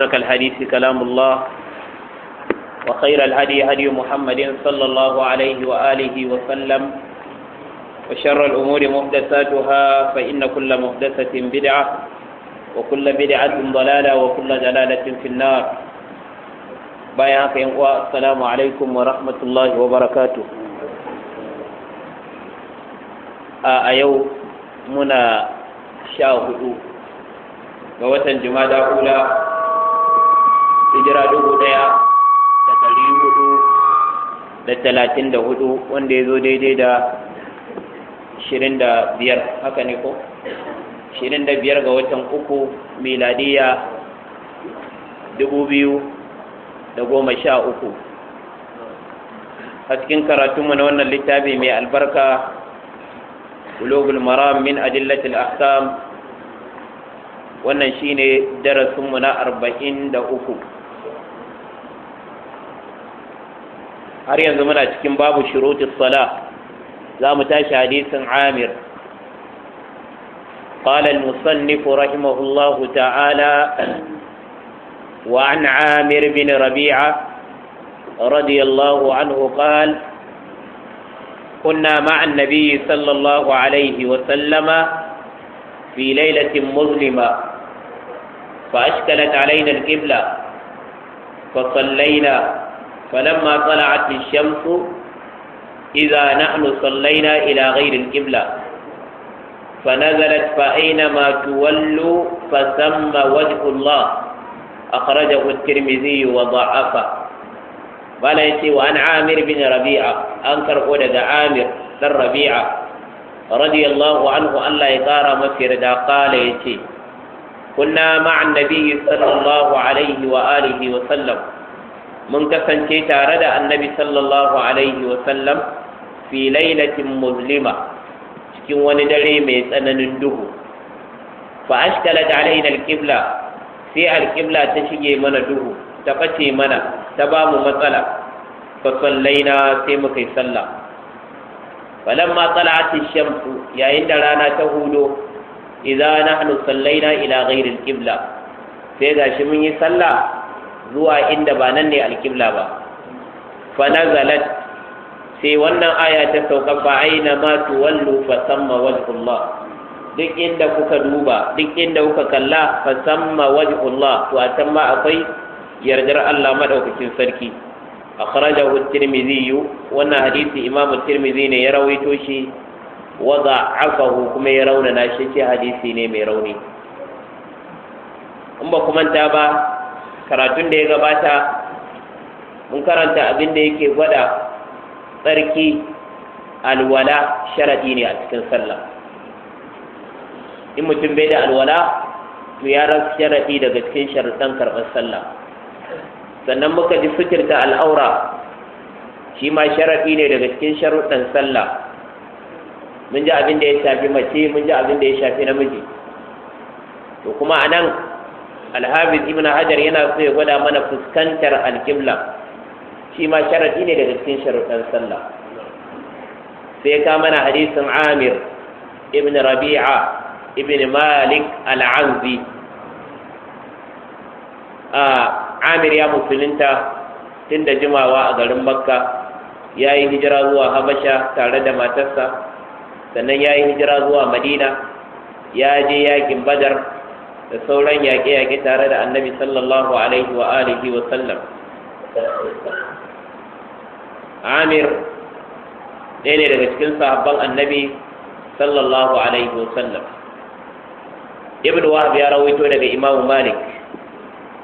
سك الحديث كلام الله وخير الهدي هدي محمد صلى الله عليه وآله وسلم وشر الأمور محدثاتها فإن كل محدثة بدعة وكل بدعة ضلالة وكل ضلالة في النار بايعك السلام عليكم ورحمة الله وبركاته أيو منا شاهدوا ووتن جمادى أولى hijira dubu ɗaya da ɗari hudu da talatin da hudu wanda ya zo daidai da shirin da biyar haka ne ko shirin da biyar ga watan uku miladiya dubu biyu da goma sha uku a cikin karatunmu na wannan littafi mai albarka Global maram min adillatil ahkam wannan shine darasinmu na arba'in da uku har yanzu muna cikin babu shurutis sala za mu tashi hadisin amir قال المصنف رحمه الله تعالى وعن عامر بن ربيعه رضي الله عنه قال كنا مع النبي صلى الله عليه وسلم في ليله مظلمه فاشكلت علينا القبله فصلينا فلما طلعت الشمس إذا نحن صلينا إلى غير القبلة فنزلت فأينما تولوا فثم وجه الله أخرجه الترمذي وضعفه قال يتي وعن عامر بن ربيعة أنكر أولد عامر بن ربيعة رضي الله عنه أن لا يقار مسير قال يتي كنا مع النبي صلى الله عليه وآله وسلم mun kasance tare da annabi sallallahu alaihi wasallam fi lailatin muzlima cikin wani dare mai tsananin duhu fa ashkalat alaina alqibla sai alqibla ta shige mana duhu ta bace mana ta ba mu matsala fa sallaina sai muka yi sallah falamma talat ash-shamsu yayin da rana ta hudo idza nahnu sallaina ila ghairi alqibla sai gashi mun yi sallah zuwa inda ba nan ne alkibla ba fa nazalat sai wannan aya ta sauka fa aina ma tuwallu fa samma wajhullah duk inda kuka duba duk inda kuka kalla fa samma wajhullah to a can ma akwai yardar Allah madaukakin sarki akhrajahu at-tirmidhi wannan hadisi imamu tirmidhi ne ya rawaito shi afahu kuma ya raunana shi ce hadisi ne mai rauni in ba kuma ta ba karatun da ya gabata mun karanta abin da yake gwada tsarki alwala sharadi ne a cikin sallah in mutum bai da alwala to ya rasa sharadi daga cikin sharadan karɓar sallah sannan muka ji fitirta al'aura shi ma sharaɗi ne daga cikin sharadan sallah mun ji abin da ya shafi mace mun ji abin da ya shafi namiji to kuma a nan alhafiz ibn hajar yana so ya gwada mana fuskantar alkibla shi ma sharadi ne daga cikin sharuɗan sallah sai ka mana hadisin amir ibn rabi'a ibn malik al'anzi a amir ya musulunta tun da jimawa a garin makka ya yi hijira zuwa habasha tare da matarsa sannan ya yi hijira zuwa madina ya je yakin badar da sauran yaƙe-yaƙe tare da annabi sallallahu alaihi wa alihi wa sallam amir ɗaya ne daga cikin sahabban annabi sallallahu alaihi wa sallam ibn wahab ya rawaito daga imam malik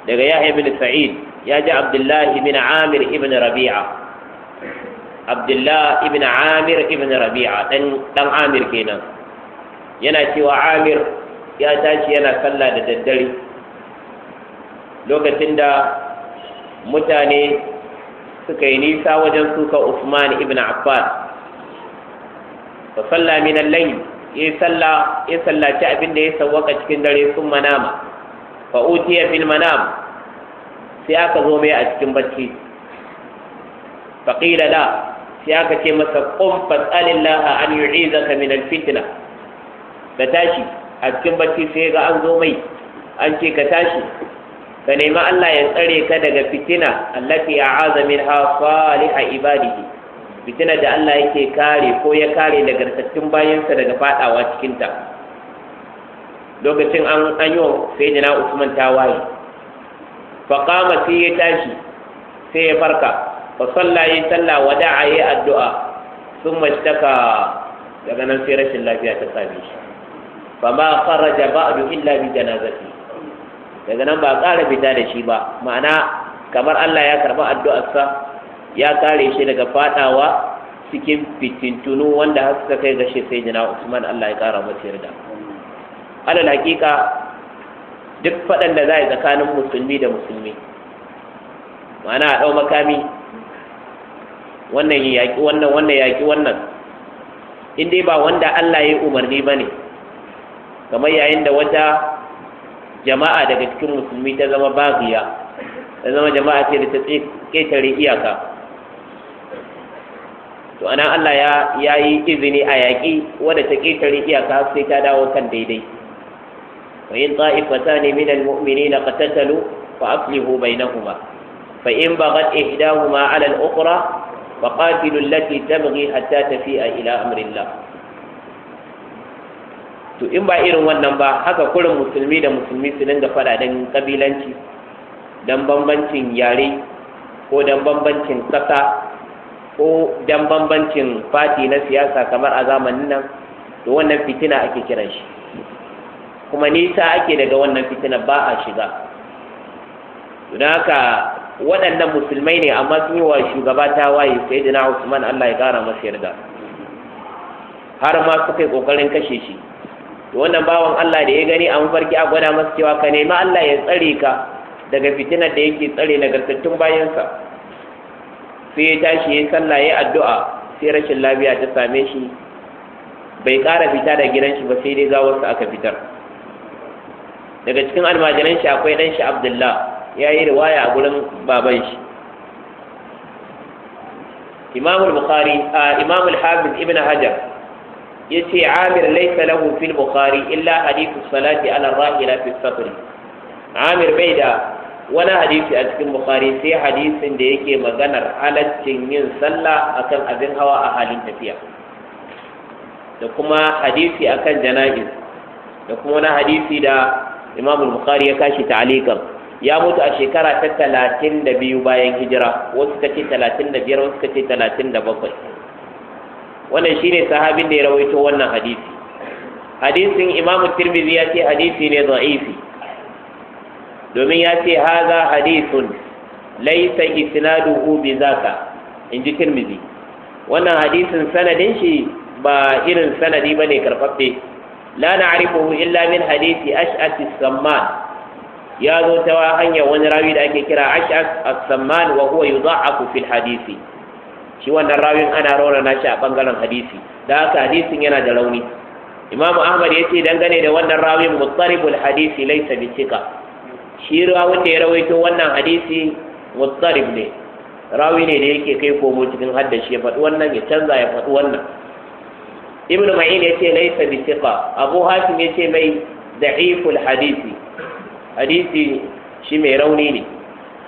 daga yahya bin sa'id ya ji abdullahi bin amir ibn rabi'a abdullahi ibn amir ibn rabi'a dan amir kenan yana cewa amir ya tashi yana sallah da daddare lokacin da mutane suka yi nisa wajen suka Usman ibn Affan fa salla min al-layl ya salla ya sallaci abin da ya sawaka cikin dare sun manama fa utiya bil manam sai aka zo mai a cikin bacci fa qila la sai aka ce masa qum sallallahu an yu'izaka min al-fitna da tashi a cikin bacci sai ga an zo mai an ce ka tashi ka nemi Allah ya tsare ka daga fitina allati a'aza minha a ibadihi fitina da Allah yake kare ko ya kare daga tattun bayansa daga faɗawa cikin ta lokacin an an yi sayyidina Usman waye fa qama sai ya tashi sai ya farka fa salla ya salla ya addu'a thumma ishtaka daga nan sai rashin lafiya ta same shi fama kharaja ba'du illa bi janazati daga nan ba ƙara fita da shi ba ma'ana kamar Allah ya karba addu'arsa ya kare shi daga fadawa cikin fitintunu wanda har suka kai ga shi sai jina Usman Allah ya kara masa yarda alal hakika duk faɗan da za yi tsakanin musulmi da musulmi ma'ana a ɗau makami wannan yaƙi wannan wannan yaƙi wannan in dai ba wanda Allah ya yi umarni ba ne kamar yayin da wata jama'a daga cikin musulmi ta zama bagiya ta zama jama'a ce da ta ƙetare iyaka to anan Allah ya ya yi izini a yaƙi wadda ta ƙetare iyaka sai ta dawo kan daidai wa in ta'ifatan min al-mu'minina qatatalu fa aslihu bainahuma fa in baghat ihdahuma 'ala al-ukhra فقاتلوا التي تبغي حتى تفيء إلى أمر الله to in ba irin wannan ba haka kurin musulmi da musulmi su dinga fada don kabilanci don bambancin yare ko don bambancin ƙasa ko don bambancin fati na siyasa kamar a zamanin nan to wannan fitina ake kiran shi kuma nisa ake daga wannan fitina ba a shiga don haka waɗannan musulmai ne amma sun yi wa shugaba ta waye sai da na usman allah ya ƙara masa yarda har ma suka yi ƙoƙarin kashe shi to wannan bawan Allah da ya gani a mafarki a gwada masa cewa ka nemi Allah ya tsare ka daga fitinar da yake tsare nagartattun bayansa sai ya tashi ya sallah ya addu'a sai rashin lafiya ta same shi bai ƙara fita da gidan shi ba sai dai wasu aka fitar daga cikin almajiran shi akwai dan shi abdullah ya yi riwaya a gurin baban shi al bukhari a al hafiz ibn hajar yace amir laysa lahu fil bukhari illa hadithu salati ala rahila fi sabri amir bai da wani hadisi a cikin bukhari sai hadisin da yake maganar halaccin yin sallah akan abin hawa a halin tafiya da kuma hadisi akan jana'iz da kuma wani hadisi da imam bukhari ya kashi ta'alikan ya mutu a shekara ta talatin da biyu bayan hijira wasu kace talatin da biyar wasu kace talatin da bakwai wannan shine sahabin da ya rawaito wannan hadisi hadisin imam tirmidhi ya ce hadisi ne da'ifi domin ya ce haza hadisun laisa isnaduhu bi zaka in ji tirmidhi wannan hadisin sanadin shi ba irin sanadi bane karfaffe la na'rifuhu illa min hadisi ash'ath as-samman ya zo ta hanyar wani rawi da ake kira ash'ath as-samman wa huwa yudha'afu fil hadisi shi wannan rawin ana rona na shi a bangaren hadisi da haka hadisin yana da rauni imamu ahmad ya ce dangane da wannan rawin mutsaribul hadisi laisa bitika shi rawin da ya rawaito wannan hadisi mutsarib ne rawi ne da yake kai komo cikin haddashi ya faɗi wannan ya canza ya faɗi wannan ibnu ma'in ya ce laisa cika. abu hasim ya ce mai da'iful hadisi hadisi shi mai rauni ne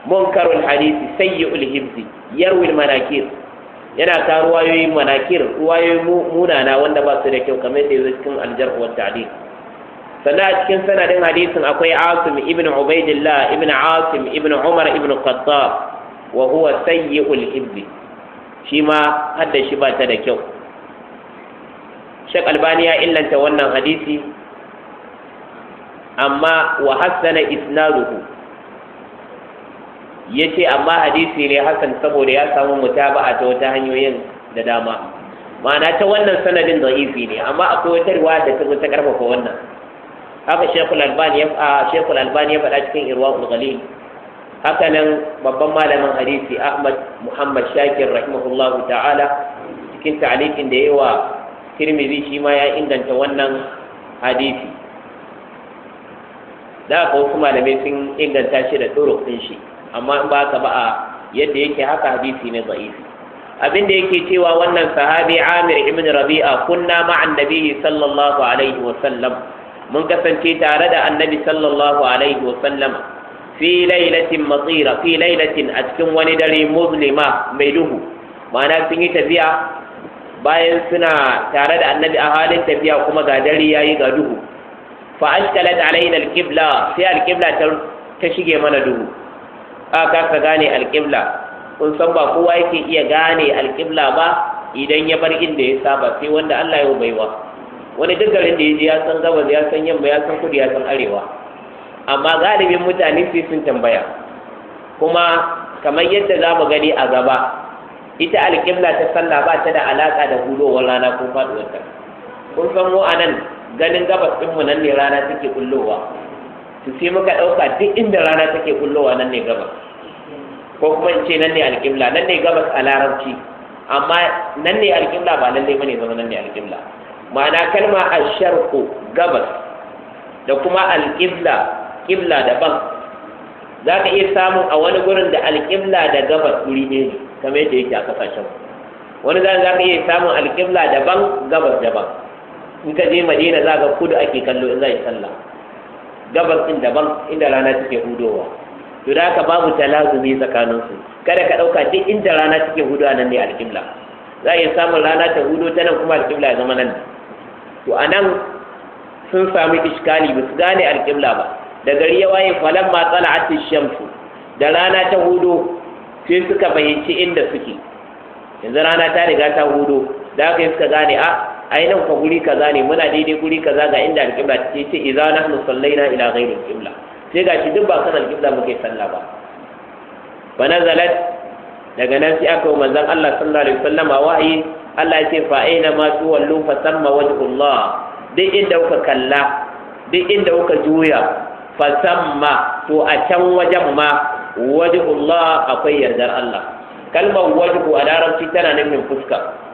munkarul hadisi sayyi'ul hibzi yarwil manakir yana ta ruwayoyi manakir ruwayoyi munana wanda ba su da kyau kamar da yanzu cikin aljar wa ta'dil sannan a cikin sanadin hadisin akwai asim ibn ubaidillah ibn asim ibn umar ibn qattab wa huwa sayyi'ul hibbi shi ma hadda shi ba ta da kyau Sheikh Albani ya illanta wannan hadisi amma wa hassana isnaduhu ya ce amma hadisi ne hasan saboda ya samu mutaba'a ta wata hanyoyin da dama ma'ana ta wannan sanadin da'ifi ne amma akwai wata riwaya da ta zo ta karfafa wannan haka shekul albani ya faɗa cikin irwa ulgali haka nan babban malamin hadisi ahmad muhammad shakir rahimahullah ta'ala cikin ta'alikin da yawa tirmidhi shi ma ya inganta wannan hadisi da haka wasu malamai sun inganta shi da ɗin shi amma in ba ka ba a yadda yake haka hadisi ne da'ifi abin da yake cewa wannan sahabi Amir ibn Rabi'a kunna ma'an nabiyyi sallallahu alaihi wa sallam mun kasance tare da annabi sallallahu alaihi wa sallam fi lailatin matira fi lailatin a cikin wani dare muslima mai duhu ma'ana sun yi tafiya bayan suna tare da annabi a halin tafiya kuma ga dare yayi ga duhu fa ashkalat alaina alqibla sai alqibla ta shige mana duhu a ka gane alƙibla kun san ba kowa yake iya gane alƙibla ba idan ya bar inda ya saba sai wanda Allah ya baiwa wani duk garin da ya je ya san gabas ya san yamma ya san kudu ya san arewa amma galibin mutane sai sun tambaya kuma kamar yadda za mu gani a gaba ita alƙibla ta sallah ba ta da alaƙa da hudowar rana ko faɗuwar kun san mu a nan ganin gabas ɗinmu nan ne rana take kullowa to sai muka ɗauka duk inda rana take kullowa nan ne gabas ko kuma in ce nan ne alƙibla nan ne gabas a larabci amma nan ne alƙibla ba lallai bane zama nan ne alƙibla ma'ana kalma asharqu gabas da kuma alƙibla ƙibla daban za ka iya samun a wani gurin da alƙibla da gabas wuri ne kamar yadda yake a kasashen wani zan za ka iya samun alƙibla daban gabas daban in ka je madina za ka kudu ake kallo in za yi sallah gabas ɗin daban inda rana take hudowa to da haka babu talazumi tsakanin su kada ka ɗauka duk inda rana take hudowa nan ne alƙibla za a iya samun rana ta hudo ta nan kuma alƙibla ya zama nan to a nan sun sami iskali ba su gane alƙibla ba da gari ya waye falan ma tsala shamsu da rana ta hudo sai suka fahimci inda suke yanzu rana ta riga ta hudo da haka suka gane a ah, ai nan ko guri kaza ne muna daidai guri kaza ga inda alƙibla ce ce idza nahnu sallaina ila ghairi alqibla sai ga shi duk ba kan alƙibla muke sallah ba wa nazalat daga nan sai aka manzon Allah sallallahu alaihi wasallama wahayi Allah ya ce fa aina ma tuwallu fa samma wajhullah duk inda kuka kalla duk inda kuka juya fa samma to a can wajen ma wajhullah akwai yardar Allah kalmar wajhu a larabci tana nufin fuska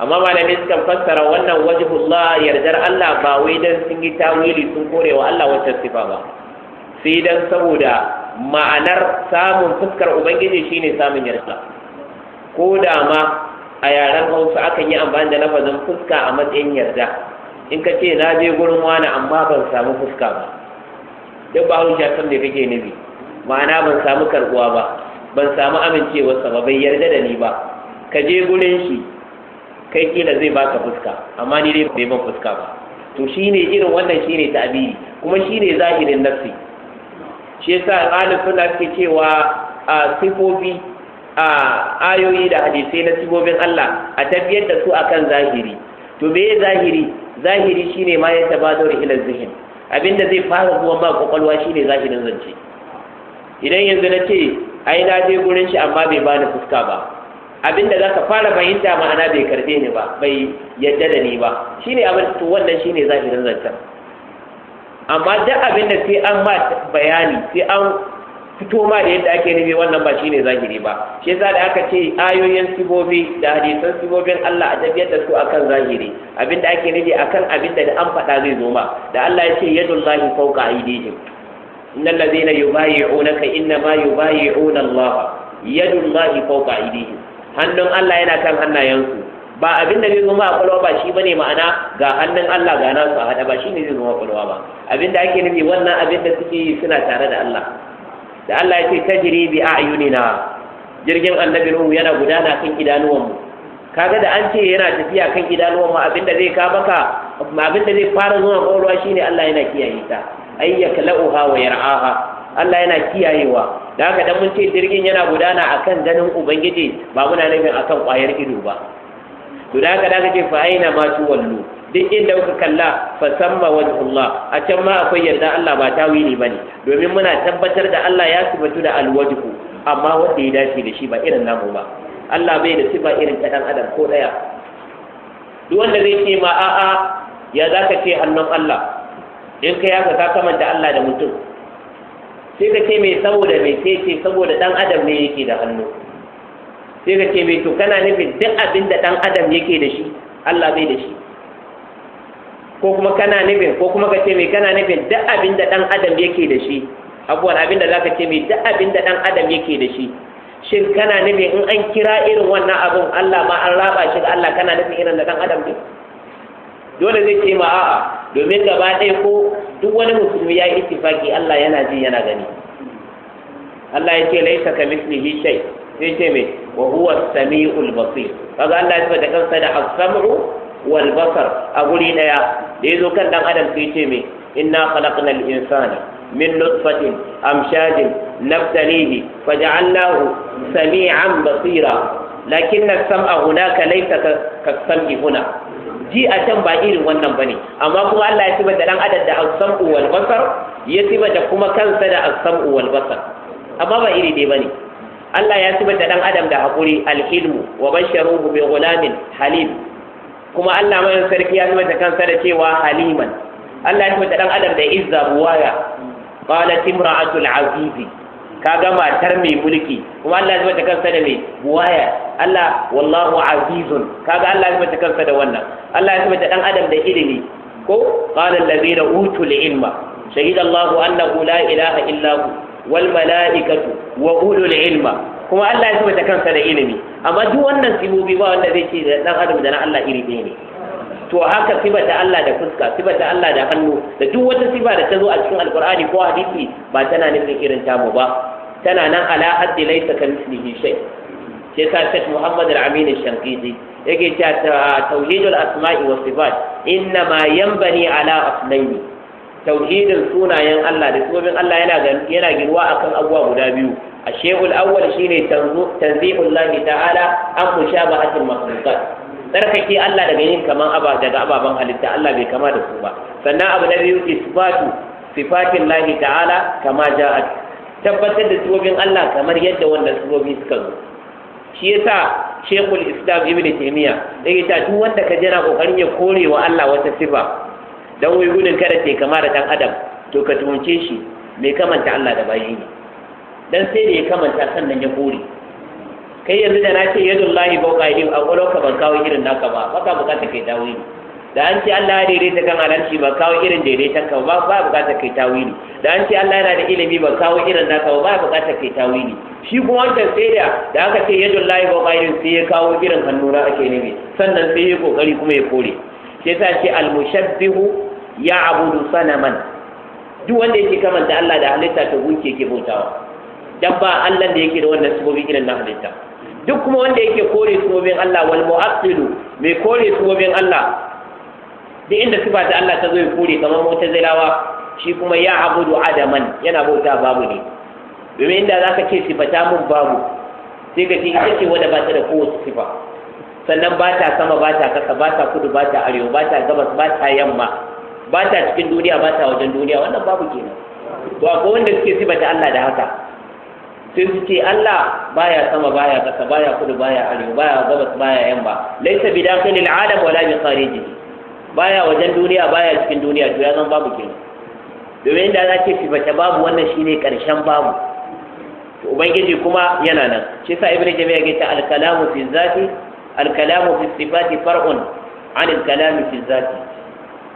amma malamai suka fassara wannan waje wajhullah yardar Allah ba wai dan sun yi tawili sun kore wa Allah wacce sifa ba sai dan saboda ma'anar samun fuskar ubangiji shine samun yarda ko da ma a yaren Hausa akan yi amfani da lafazin fuska a matsayin yarda in ka ce na je gurin wani amma ban samu fuska ba duk ba hausa san da kake nufi ma'ana ban samu karbuwa ba ban samu amincewarsa ba bai yarda da ni ba ka je gurin shi kai kila zai baka fuska amma ni dai bai ban fuska ba to shine irin wannan shine ta'abiri kuma shine zahirin nafsi shi yasa alim suna suke cewa a sifofi a ayoyi da hadisai na sifofin Allah a tafiyar da su akan zahiri to me zahiri zahiri shine ma ya tabadar ila zihin abinda zai fara zuwa ba kwakwalwa shine zahirin zance idan yanzu na ce ai na je gurin shi amma bai bani fuska ba abinda za ka fara fahimta ma'ana bai karbe ni ba bai yadda da ni ba shi ne abin to wannan shi shine zahirin zancen amma duk abin da sai an ba bayani sai an fito ma da yadda ake nufi wannan ba shi ne zahiri ba shi yasa da aka ce ayoyin sibobi da hadisan sibobin Allah a tafiyar da su akan zahiri abin da ake nufi akan abin da an faɗa zai zo ma da Allah ya ce yadullahi fawqa aydihim innal ladina yubayi'unaka innama yubayi'una Allah yadullahi fawqa aydihim hannun Allah yana kan hannayensu ba abin da zai zama a kwalwa ba shi bane ma'ana ga hannun Allah ga nasu a hada ba shi ne zai zama kwalwa ba abin da ake nufi wannan abin da suke yi suna tare da Allah da Allah ya ce tajri bi a'yunina jirgin annabi Nuhu yana gudana kan mu kaga da an ce yana tafiya kan mu abin da zai ka maka abin da zai fara zuwa kwalwa shine Allah yana kiyaye ta ayyaka la'uha wa yar'aha Allah yana kiyayewa da haka dan mun ce jirgin yana gudana akan ganin ubangiji ba muna nufin akan kwayar ido ba to da haka da haka fa aina ma wallu duk inda kuka kalla fa samma wajhullah a can ma akwai yarda Allah ba ta tawili bane domin muna tabbatar da Allah ya sifatu da alwajhu amma wanda ya dace da shi ba irin namu ba Allah bai da sifa irin ta dan adam ko daya duk wanda zai ce ma a'a ya zaka ce hannun Allah in kai haka ka kamanta Allah da mutum sai ka ce mai saboda mai ce ce saboda dan adam ne yake da hannu sai ka ce mai to kana nufin duk abin da dan adam yake da shi Allah bai da shi ko kuma kana nufin ko kuma ka ce mai kana nufin duk abin da dan adam yake da shi abuwan abin da zaka ce mai duk abin da dan adam yake da shi shin kana nufin in an kira irin wannan abin Allah ma an raba shi ga Allah kana nufin irin da dan adam ne dole zai ce ma a'a domin gaba ɗaya ko duk wani musulmi ya yi ittifaki Allah yana ji yana gani Allah ya ce laisa ka mislihi shay sai ce me wa huwa samiul basir kaga Allah ya da kansa da as-sam'u wal basar a guri daya da yazo kan dan adam sai ce me inna khalaqnal insana من نطفة أمشاج نبتليه فجعلناه سميعا بصيرا لكن السمع هناك ليس كالسمع هنا ji a can ba irin wannan bane amma kuma Allah ya tiba da dan adam da as-sam'u wal basar ya tiba da kuma kansa da as-sam'u wal basar amma ba iri dai bane Allah ya tiba da dan adam da hakuri al-hilmu wa basharuhu bi ghulamin halim kuma Allah mai sarki ya tiba da kansa da cewa haliman Allah ya tiba da dan adam da izza buwaya qalat imra'atul azizi kaga matar mai mulki kuma Allah ya mata kansa da mai buwaya Allah wallahu azizun kaga Allah ya mata kansa da wannan Allah ya mata dan adam da ilimi ko qala allazina utul ilma shahida Allahu annahu la ilaha illa hu wal malaikatu wa ulul ilma kuma Allah ya mata kansa da ilimi amma duk wannan sibobi ba wanda zai ce da dan adam da na Allah iri ne to haka ta Allah da fuska ta Allah da hannu da duk wata sifa da ta zo a cikin alkur'ani ko hadisi ba tana nufin irin tamu ba tana nan ala haddi laysa ka mislihi shay sai ta Sheikh Muhammad Al-Amin Shankiti yake cewa tauhidul asma'i Wasifat, sifat inna ma yanbani ala aslaini tauhidin sunayen Allah da sifofin Allah yana yana akan abubuwa guda biyu a shay'ul awwal shine tanzihul lahi ta'ala an Bahatin makhluqat tsarkake Allah daga yin kaman aba daga ababen halitta Allah bai kama da su ba sannan abu na biyu isbatu sifatin lahi ta'ala kama ja'at tabbatar da tsobin Allah kamar yadda wannan tsobi suka zo shi yasa shekul Islam Ibn Taymiyyah yake ta duk wanda ka jira kokarin ya kore wa Allah wata sifa dan wai gudun kada ke kama da dan adam to ka tuhunce shi mai kamanta Allah da bayi dan sai da ya kamanta sannan ya kore kai yanzu da na ce "Yadda lahi bauka yi a ka ban kawo irin naka ba ba ka bukata kai tawili da an ce Allah ya daidaita kan halarci ba kawo irin daidaita ka ba ba bukata kai tawili da an ce Allah yana da ilimi ba kawo irin naka ba ba bukata kai tawili shi kuma wancan sai da da aka ce "Yadda lahi bauka yi sai ya kawo irin hannu na ake nemi sannan sai ya kokari kuma ya kore Sai ta ce almushabbihu ya abudu sanaman duk wanda yake kamanta Allah da halitta ta gunke ke bautawa dabba ba Allah da yake da wannan sifofi irin na halitta duk kuma wanda yake kore sumomin Allah wal mu'assilu mai kore sumomin Allah duk inda sifa ta Allah ta zo ya kore kamar mu'tazilawa shi kuma ya abudu adaman yana bauta babu ne domin inda zaka ce sifata mun babu sai ka ce ita ce wanda ba ta da kowace sifa sannan ba ta sama ba ta kasa ba ta kudu ba ta arewa ba ta gabas ba ta yamma ba ta cikin duniya ba ta wajen duniya wannan babu kenan to akwai wanda suke sifata Allah da haka sai su ce Allah baya sama baya ƙasa baya kudu baya arewa baya gabas baya yamma laysa bidakhilil alam wala bi khariji baya wajen duniya baya cikin duniya to ya zan babu kenan domin da za ce fifata babu wannan shine karshen babu to ubangiji kuma yana nan shi sa ibnu jami'a ya ce al-kalamu fi zati al-kalamu fi sifati far'un 'an al-kalami fi zati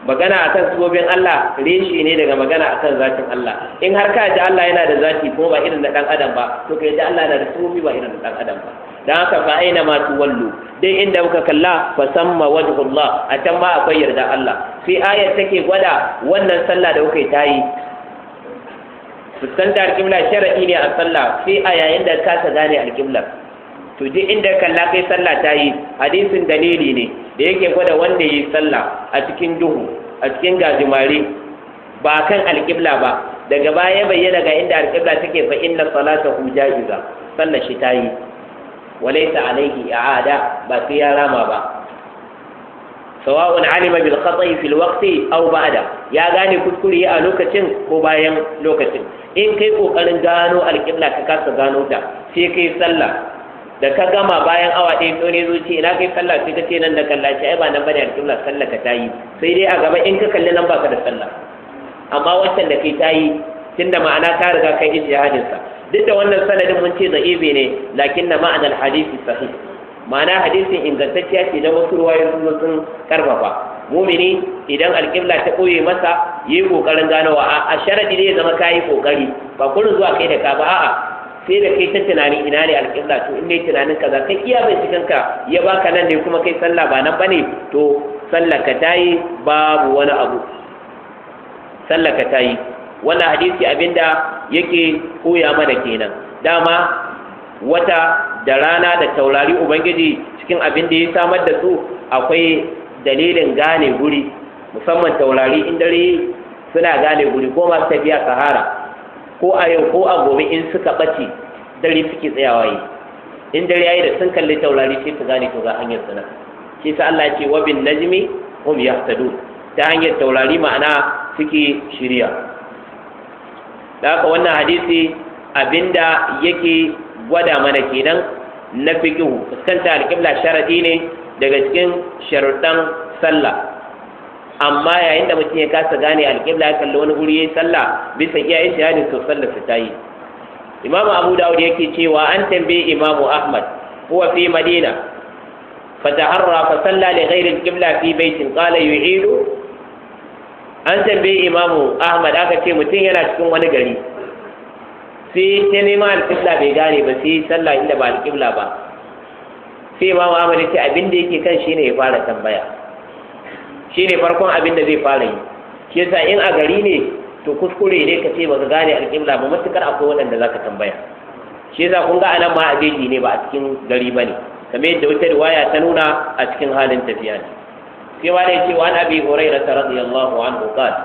magana akan sifofin Allah reshi ne daga magana akan zatin Allah in har ka ji Allah yana da zati ko ba irin da dan adam ba to kai ji Allah yana da sifofi ba irin da dan adam ba dan haka fa aina ma tuwallu dai inda muka kalla fa samma wajhullah a can ma akwai yarda Allah sai ayar take gwada wannan sallah da kuka yi tayi fuskantar alƙibla sharaɗi ne a sallah sai a yayin da ka gane alkimlar. to duk inda kalla kai sallah ta yi hadisin dalili ne da yake gwada wanda yi sallah a cikin duhu a cikin gajimare ba kan alƙibla ba daga baya ya bayyana ga inda alƙibla take fa inna hu ja'iza Sallah shi ta yi walaysa alayhi i'ada ba sai ya rama ba sawa'un alima bil khata'i fil waqti aw ba'da ya gane kuskure a lokacin ko bayan lokacin in kai kokarin gano alƙibla ka kasa gano ta sai kai sallah da ka gama bayan awa ɗaya to ne zuci ina kai sallah sai ka ce nan da kallaci ai ba nan bane alƙibla sallah ka tayi sai dai a gaba in ka kalli nan ka da sallah amma wancan da kai tayi tunda ma'ana ka riga kai ijtihadin sa duk da wannan sanadin mun ce da'ibi ne lakin na ma'anar hadisi sahih ma'ana hadisin ingantacciya ce da wasu ruwayoyi sun karfafa mumini idan alƙibla ta ɓoye masa yi ƙoƙarin ganowa a sharadi ne ya zama kayi ƙoƙari ba kurin zuwa kai da ka ba a'a sai da kai ta tunanin ina ne alƙibla to in dai tunanin kaza kai iya cikin ka ya baka nan ne kuma kai sallah ba nan bane to sallah ka tayi babu wani abu sallah ka tayi wannan hadisi abinda yake koya mana kenan dama wata da rana da taurari ubangiji cikin abin da ya samar da su akwai dalilin gane guri musamman taurari in dare suna gane guri ko masu tafiya sahara ko a yau ko a gobe in suka ɓace dare suke tsayawa yi in dare yayi da sun kalli taurari sai su gane to ga hanyar sana shi sa Allah ya ce wa bin najmi hum yahtadun ta hanyar taurari ma'ana suke shirya da haka wannan hadisi abinda yake gwada mana kenan na fiqhu fuskanta alqibla sharadi ne daga cikin sharudan sallah amma yayin da mutum ya kasa gane alƙibla ya kalli wani guri yayi sallah bisa iya ijtihadin to sallar ta yi. imamu abu dawud yake cewa an tambaye imamu ahmad huwa fi madina fataharra fa salla li ghairi alqibla fi baitin qala yu'idu an tambaye imamu ahmad aka ce mutum yana cikin wani gari sai ta nema alqibla bai gane ba sai sallah inda ba alqibla ba sai imamu ahmad ya ce abin da yake kan shine ya fara tambaya Shi ne farkon abin da zai fara yi shi yasa in a gari ne to kuskure ne ka ce ba ka gane alƙibla ba matukar akwai waɗanda za ka tambaya shi yasa kun ga anan ma a jeji ne ba a cikin gari ba ne kamar yadda wata riwaya ta nuna a cikin halin tafiya ne sai ma dai cewa an abi huraira ta radiyallahu anhu qala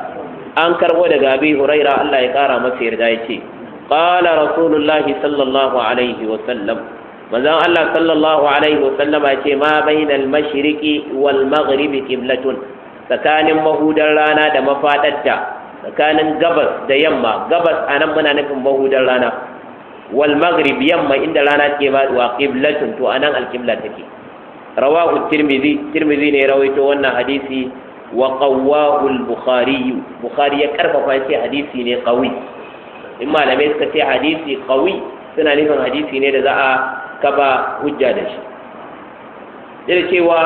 an karbo daga abi huraira Allah ya kara masa yarda ya ce qala rasulullahi sallallahu alaihi wa sallam manzon Allah sallallahu alaihi wa sallama ya ce ma bainal mashiriki wal maghribi qiblatun tsakanin mahudar rana da mafaɗarta tsakanin gabas da yamma gabas a nan muna nufin mahudar rana wal maghrib yamma inda rana ke baduwa qiblatun to anan alqibla take rawahu tirmidhi tirmidhi ne rawaito wannan hadisi wa qawwahu al-bukhari bukhari ya karfafa shi hadisi ne qawi in malamai suka ce hadisi qawi suna nufin hadisi ne da za a kaba hujja da shi da cewa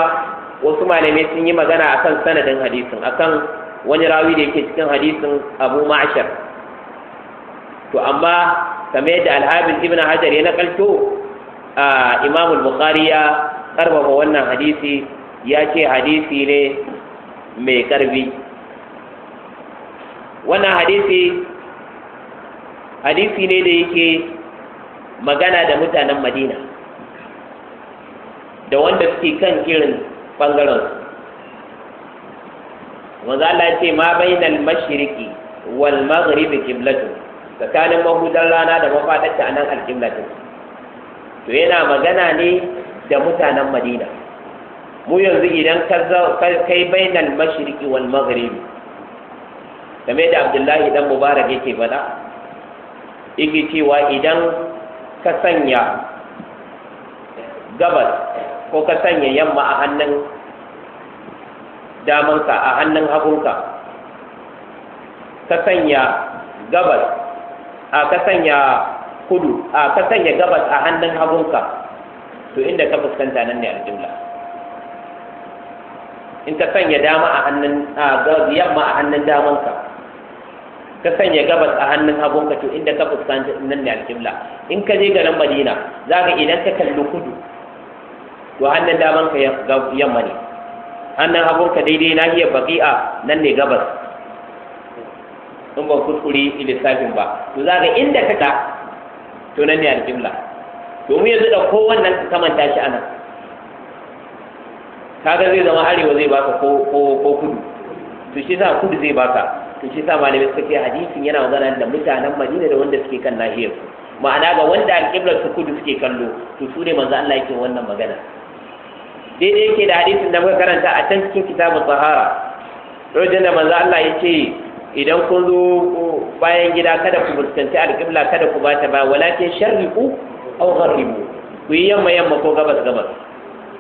wasu malamai sun yi magana a kan sanadin hadisin a kan wani rawi da yake cikin hadisin abu ma'ashar to amma kamar yadda alhabin ibn hajar ya nakalto a imamul bukhari ya ƙarfafa wannan hadisi ya ce hadisi ne mai karbi wannan hadisi hadisi ne da yake magana da mutanen madina da wanda suke kan irin Ɓangaren su manzo Allah ce ma bainal mashriqi wal maghribi qiblatu tsakanin mahudan rana da mafadarta anan alqiblatin to yana magana ne da mutanen Madina mu yanzu idan kai bainal mashriqi wal maghribi game da Abdullahi dan Mubarak yake bada yake cewa idan ka sanya gabas ko ka sanya yamma a hannun damanka a hannun hagunka ka sanya gabas a ka sanya kudu a ka sanya gabas a hannun hagunka to inda ka fuskanta nan ne aljumla in ka sanya dama a hannun a yamma a hannun damanka ka sanya gabas a hannun hagunka to inda ka fuskanta nan ne aljumla in ka je garin madina za ka idan ka kalli kudu to hannun daman ka yamma ne hannun hagun ka daidai nahiyar a nan ne gabas in ba kuskure lissafin ba to za ga inda ka ta to nan ne alƙibla domin yanzu da kowannan ka kamanta shi anan kaga zai zama arewa zai baka ko ko kudu to shi sa kudu zai baka to shi sa malamai suka yi hadisin yana magana da mutanen Madina da wanda suke kan nahiyar ma'ana ga wanda alƙiblar su kudu suke kallo to su ne manzo Allah yake wannan magana daidai yake da hadisin da muka karanta a can cikin kitabun sahara rojin da manzo Allah ya ce idan kun zo bayan gida kada ku fuskanci alƙibla kada ku bata ba walakin sharriqu aw gharribu ku yi yamma yamma ko gabas gabas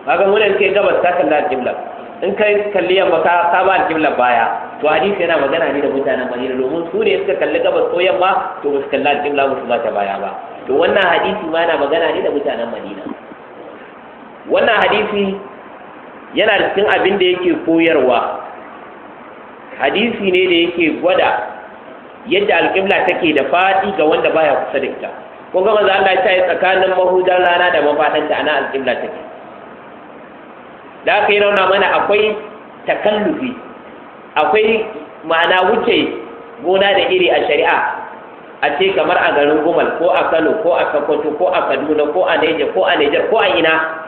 kaga mun ke gabas ta kalla alƙibla in kai kalli yamma ka ka ba alƙibla baya to hadisi yana magana ne da mutanen Madina domin su ne suka kalli gabas ko yamma to ba su kalla alƙibla ba su bata baya ba to wannan hadisi ma yana magana ne da mutanen Madina wannan hadisi yana cikin abin da yake koyarwa hadisi ne da yake gwada yadda alƙibla take da faɗi ga wanda baya kusa da ita ko ga maza Allah ta yi tsakanin mahudan rana da a ana alƙibla take da aka yi rauna mana akwai takallufi akwai ma'ana wuce gona da iri a shari'a a ce kamar a garin gumal ko a kano ko a sokoto ko a kaduna ko a niger ko a niger ko a ina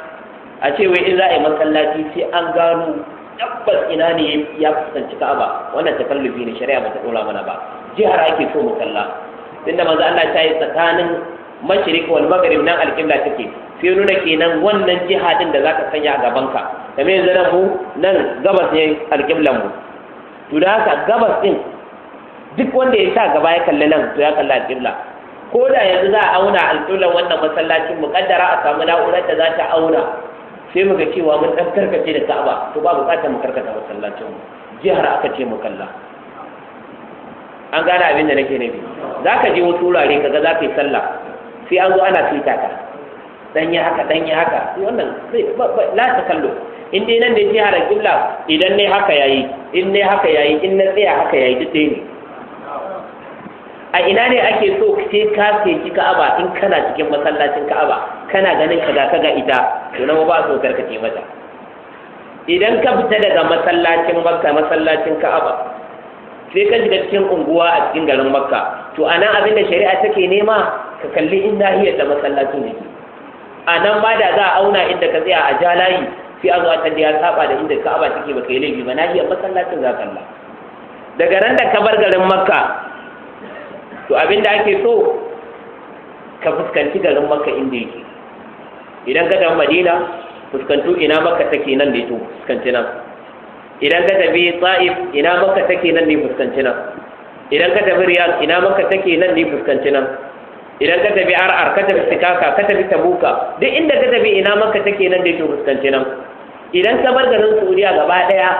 a ce wai in za a yi masallaci sai an gano tabbas ina ne ya kusanci ka'aba wannan takallufi ne shari'a ba ta dora mana ba jihar ake so mu kalla tunda manzo Allah ta yi tsakanin mashriq wal maghrib nan alqibla take sai nuna kenan wannan jiha din da zaka sanya a gaban ka kamar yanzu nan mu nan gabas ne alqiblan mu to da haka gabas din duk wanda ya sa gaba ya kalli nan to ya kalli alƙibla. ko da yanzu za a auna alƙiblan wannan masallacin muƙaddara a samu na'urar da za ta auna sai muka cewa mun dan karkace da Ka'aba to ba bukatar mu karkata masallacin mu jihar aka ce mu kalla an gane abin da nake nufi ka je wasu wurare ka ga za ka yi sallah sai an zo ana fita ka dan yi haka dan yi haka wannan zai la ta kallo in dai nan ne jihar al idan ne haka yayi in ne haka yayi in na tsaya haka yayi duk dai ne a ina ne ake so sai ka seki ka'aba in kana cikin masallacin ka'aba kana ganin kaga kaga ita to nan ba so karkace mata idan ka fita daga masallacin makka masallacin ka'aba sai ka shiga cikin unguwa a cikin garin makka to anan abin da shari'a take nema ka kalli in nahiyar da masallacin ne a nan ba da za a auna inda ka tsaya a ja layi sai a zo a ya saba da inda ka'aba take baka yi laifi ba nahiyar masallacin za ka daga nan da ka bar garin makka to abin da ake so ka fuskanci garin maka inda yake idan ka tafi madina fuskantu ina maka take nan ne to fuskanci nan idan ka tafi tsa'if ina maka take nan ne fuskanci nan idan ka tafi riyad ina maka take nan ne fuskanci nan idan ka tafi ar'ar ka tafi sikaka ka tafi tabuka duk inda ka tafi ina maka take nan ne to fuskanci nan idan ka bar garin suriya gaba daya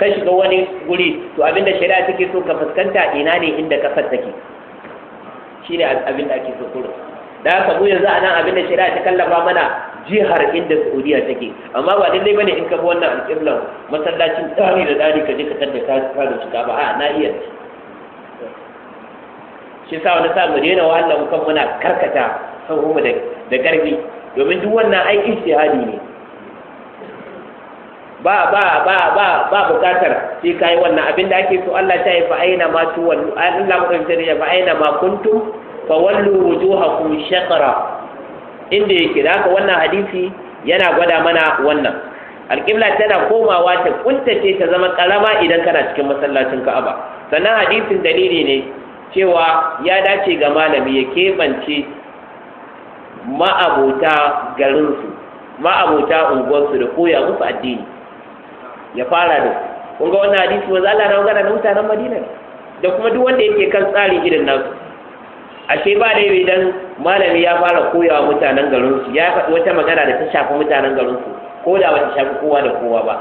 ka shiga wani guri to abinda shari'a take so ka fuskanta ina ne inda kasar take shine abin da ake so da haka mu yanzu anan abin da shari'a ta kallafa mana jihar inda Saudiya take amma ba dai bane in ka bi wannan alƙiblan masallacin tsari da tsari ka je ka tada ta fara shiga ba a na iya shi sa wani sa mu daina wahala mu muna karkata sauhu mu da garbi domin duk wannan shi hadi ne ba ba ba ba ba bukatar shi kai wannan abin da ake so Allah ta yi fa aina ma tu wal Allah ku fa aina ma kuntum fa wallu wujuhakum shaqra inda yake da haka wannan hadisi yana gwada mana wannan alqibla tana komawa ta kuntace ta zama karama idan kana cikin masallacin Ka'aba sannan hadisin dalili ne cewa ya dace ga malami ya keɓance ma'abota garinsu ma'abota unguwarsu da koya musu addini ya fara da kun ga wannan hadisi wanzu Allah na magana na mutanen Madina da kuma duk wanda yake kan tsari irin nasu ashe ba da idan malami ya fara koyawa mutanen garin su ya faɗi wata magana da ta shafi mutanen garin su ko da wata shafi kowa da kowa ba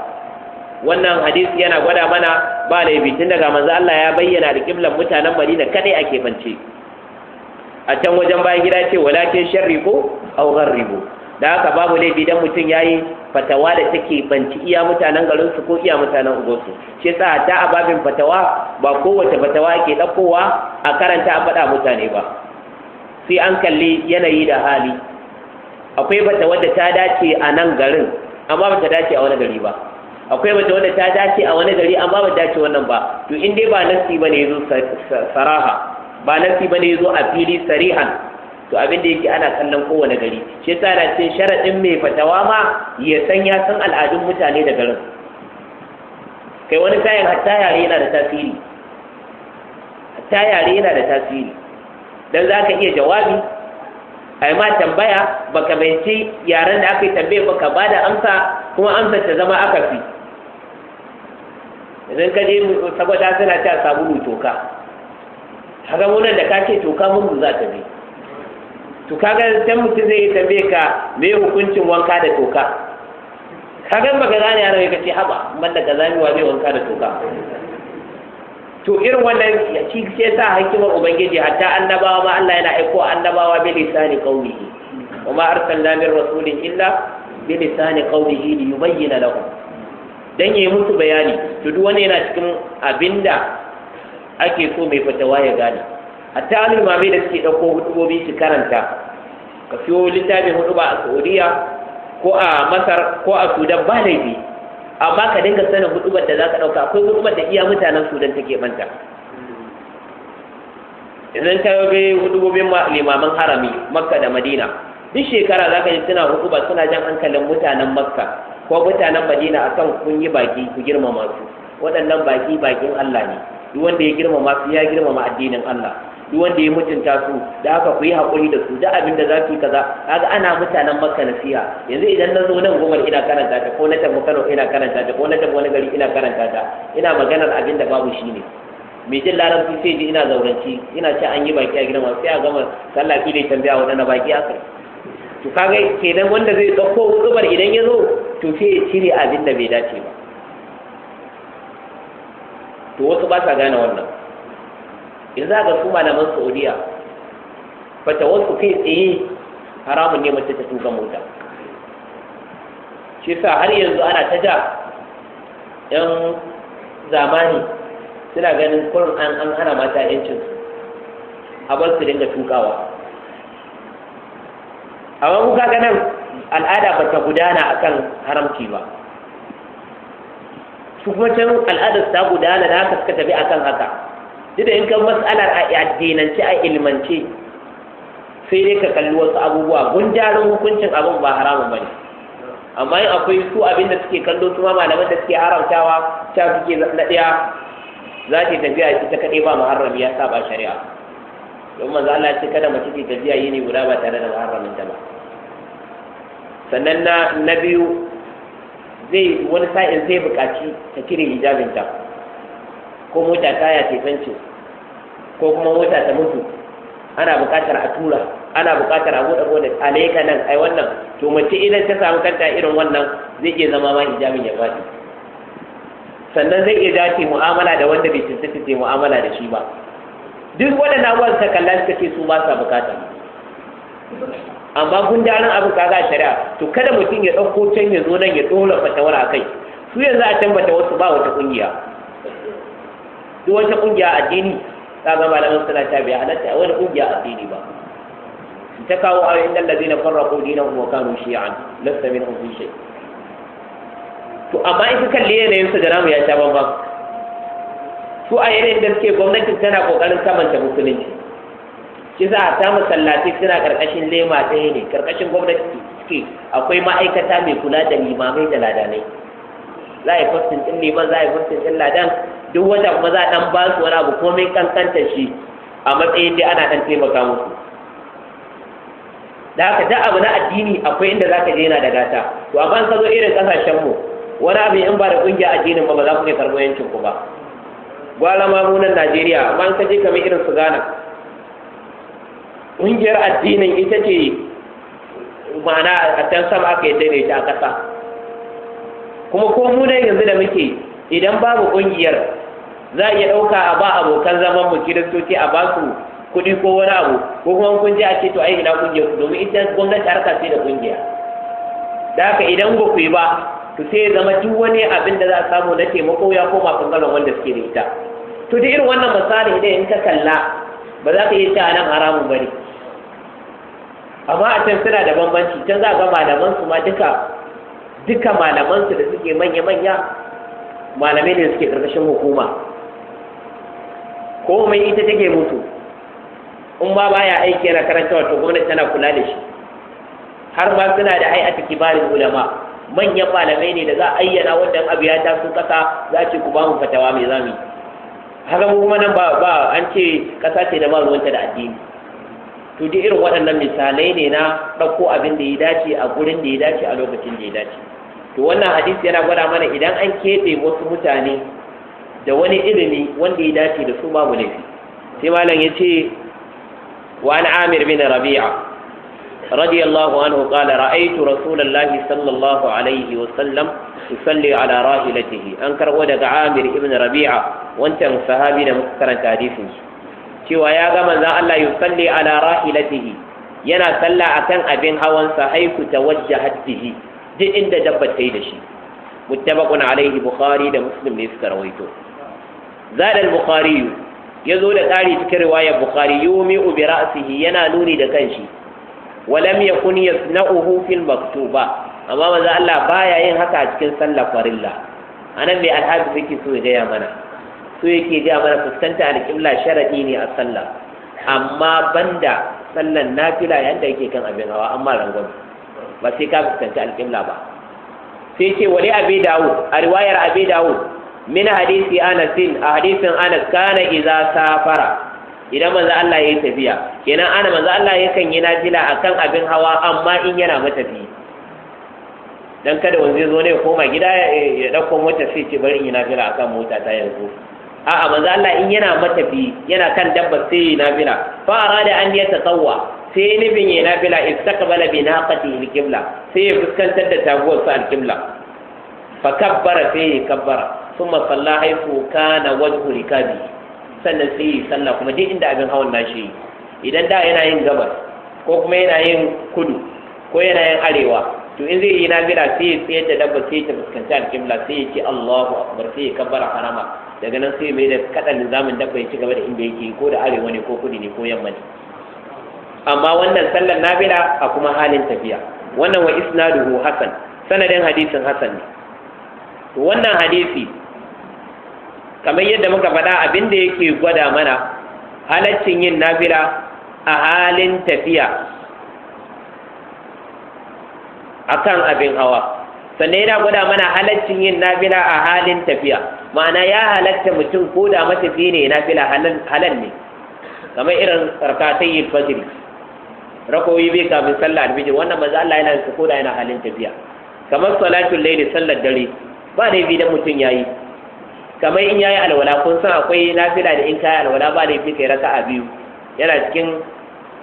wannan hadisi yana gwada mana ba yawa tun daga manzo Allah ya bayyana da kiblan mutanen Madina kadai ake fance. a can wajen bayan gida ce walakin sharri ko aw gharribu da haka babu laifi dan mutum yayi fatawa da take banci iya mutanen garin su ko iya mutanen ugosu shi yasa ta a babin fatawa ba kowace fatawa ke ɗaukowa a karanta a faɗa mutane ba sai an kalli yanayi da hali akwai bata wadda ta dace a nan garin amma ba ta dace a wani gari ba akwai bata wadda ta dace a wani gari amma ba dace wannan ba to in dai ba nasi bane yazo saraha ba nasi bane yazo a fili sarihan to abin da yake ana kallon kowane gari shi yasa na ce sharaɗin mai fatawa ma ya san ya san al'adun mutane da garin kai wani kayan hatta yare yana da tasiri hatta yare yana da tasiri dan za ka iya jawabi ai ma tambaya baka bayanci yaren da aka yi tambaya baka ba da amsa kuma amsar ta zama aka fi idan ka je saboda suna ta sabulu toka haka da ka ce toka mun za ta bi to kaga dan mutum zai tambaye ka me hukuncin wanka da toka kaga baka gane yaro ka ce haba banda ka zami wa zai wanka da toka to irin wannan ya ci ce sa hakimar ubangiji hatta annabawa ma Allah yana aiko annabawa bi lisani qawlihi wa ma arsalna min rasulin illa bi lisani qawlihi li yubayyana lahum dan yayi musu bayani to duk wani yana cikin abinda ake so mai fatawa ya gane hatta limamai da suke ɗauko hudubobi su karanta ka fiyo littafin huduba a saudiya ko a masar ko a sudan ba laifi amma ka dinga sanin hudubar da za ka ɗauka akwai hudubar da iya mutanen sudan take manta idan ka yi hudubobin limaman harami makka da madina duk shekara za ka ji suna huduba suna jan hankalin mutanen makka ko mutanen madina akan kun yi baki ku girmama su waɗannan baki bakin allah ne duk wanda ya girmama su ya girmama addinin allah duk wanda ya mutunta su da haka ku yi haƙuri da su duk abin da za ku yi kaza kaga ana mutanen makka nasiha yanzu idan na zo nan gomar ina karanta ta ko na tafi kano ina karanta ta ko na tafi wani gari ina karanta ta ina maganar abin da babu shi ne mai jin larabci sai ji ina zauranci ina ce an yi baki a gidan sai a gama sallah da tambaya waɗanda baki aka to kaga kenan wanda zai ɗauko zubar idan ya zo to sai ya cire abin da bai dace ba to wasu ba sa gane wannan yanzu ga su malaman saudiya fata wasu kai tsaye haramun ne mace ta tuka mota shi sa har yanzu ana ta ja yan zamani suna ganin kurin an an hana mata yancin a bar su dinga tukawa amma kuka ganin al'ada ba ta gudana akan haramci ba su kuma can al'adar ta gudana da haka suka tafi kan haka da in ka matsalar a addinance a ilmance sai dai ka kalli wasu abubuwa jarin hukuncin abin ba haramun ba ne amma yin akwai su abin da suke kallo su ma malaman da suke haramtawa ta suke na ɗaya za ta tafiya ita kaɗai ba muharram ya saba shari'a don manzo Allah ce kada mace ke tafiya ne guda ba tare da muharramin ta ba sannan na biyu zai wani sa'in zai buƙaci ta kire hijabin ko mota taya ce ko kuma mota ta mutu ana buƙatar a tura ana buƙatar a buɗe a alaika nan ai wannan to mace idan ta samu kanta irin wannan zai iya zama ma hijabin ya bata sannan zai iya dace mu'amala da wanda bai cancanta ta mu'amala da shi ba duk waɗannan abubuwan ta kalla suka ce su ba sa buƙata amma kun gundarin abin kaga a shari'a to kada mutum ya ɗauko can ya zo nan ya ɗora fatawar a kai su yanzu a tambata wasu ba wata ƙungiya duk wata ƙungiya addini kaga malamin suna ta biya halatta a wani kungiya addini ba ta kawo a inda allazina farraqu dinahum wa kanu shi'an lasta minhum fi shay to amma in ka kalli yanayin su da mu ya sha bamban su a yanayin da suke gwamnatin tana kokarin samanta musulunci shi za a samu sallati suna karkashin lema ɗaya ne karkashin gwamnati suke akwai ma'aikata mai kula da limamai da ladanai za a yi fastin ɗin liman za a yi fastin ɗin ladan duk wata kuma za a dan ba su wani abu komai kankanta shi a matsayin dai ana dan taimaka musu da haka duk abu na addini akwai inda za ka je yana da gata to amma an ka zo irin kasashen mu wani abu in ba da kungiya addinin ba ba za ku iya karɓo yancin ku ba gwala ma Najeriya amma an ka je kamar irin su Ghana kungiyar addinin ita ce ma'ana a can sama aka yadda ne a ƙasa kuma ko mu ne yanzu da muke idan babu ƙungiyar za a iya ɗauka a ba abokan zaman mu kiristoci a ba su kuɗi ko wani abu ko kuma kun je a ce to ai ina ƙungiyar ku domin ita gwamnati harka sai da ƙungiya da haka idan ba ku yi ba to sai ya zama duk wani abin da za a samu na taimako ya koma kankanon wanda suke da ita to duk irin wannan misali idan in ka kalla ba za ka iya cewa nan haramun ba ne amma a can suna da bambanci can za a ga malaman su ma duka duka malaman su da suke manya-manya malamai ne suke karkashin hukuma komai ita take mutu in ba baya aiki yana karantar wato gwamnati tana kula da shi har ma suna da hay'atu kibarin ulama manyan malamai ne da za a ayyana wanda abu ya taso kasa za ce ku ba mu fatawa mai zami haka mu kuma nan ba ba an ce kasa ce da ba ruwanta da addini to duk irin waɗannan misalai ne na ɗauko abin da ya dace a gurin da ya dace a lokacin da ya dace to wannan hadisi yana gwada mana idan an keɓe wasu mutane da wani ilimi wanda ya dace da su babu laifi sai malam ya ce wa an amir bin rabi'a رضي الله عنه قال رأيت رسول الله صلى الله عليه وسلم يصلي على راحلته أنكر ودق عامر ابن ربيعة وانت صحابينا مذكرا تحديثه cewa ya ga manzon Allah yusalli ala rahilatihi yana sallah akan abin hawansa haiku tawajjahat bihi duk inda dabba ta yi da shi muttafaqun alaihi bukhari da muslim ne suka rawaito zadal bukhari ya zo da ƙari cikin riwayar bukhari yomi bi ra'sihi yana nuni da kanshi walam yakun yasna'uhu fil maktuba amma manzo Allah baya yin haka a cikin sallar farilla anan mai alhaji yake so ya gaya mana so yake gaya mana fuskanta alƙibla sharadi ne a sallah amma banda sallan nafila yanda yake kan abin hawa amma rangwame ba sai ka fuskanci alƙibla ba sai ce wani abi dawud a riwayar abi dawud min hadisi anas a hadisin anas kana iza safara idan manzo Allah yayi tafiya kenan ana manzo Allah yakan yi nafila akan abin hawa amma in yana matafi dan kada wanzu zo ne koma gida ya dauko mota sai ce bari yi nafila akan mota ta yanzu a'a manzo Allah in yana matafi yana kan dabba sai yi nafila fa arada an yata tawwa sai nufin ya nafila istaqbala bi naqatihi al-qibla sai ya fuskantar da taguwar sa al-qibla fa kabbara sai ya kabbara thumma salla haythu kana wajhu rikabi sannan sai ya sallah kuma duk inda abin hawan nashi idan da yana yin gabas ko kuma yana yin kudu ko yana yin arewa to in zai yi nafila sai ya tsaye da dabba sai ta fuskanci al sai ya ce Allahu akbar sai ya kabbara harama daga nan sai mai da kadan zamin dabba ya ci gaba da inda yake ko da arewa ne ko kudu ne ko yamma ne amma wannan sallar nafila a kuma halin tafiya wannan wa isnaduhu hasan sanadin hadisin hasan ne wannan hadisi kamar yadda muka faɗa abin da yake gwada mana halaccin yin nafila a halin tafiya akan abin hawa sannan yana gwada mana halaccin yin nafila a halin tafiya ma'ana ya halatta mutum ko da matafi ne nafila halal ne kamar irin tsarkatayyar fajiri rakowi bai kafin sallah alfijir wannan manzo Allah yana yin ko yana halin tafiya kamar salatul layli sallar dare ba laifi dan mutum yayi kamar in yayi alwala kun san akwai nafila da in kai alwala ba da laifi kai raka'a biyu yana cikin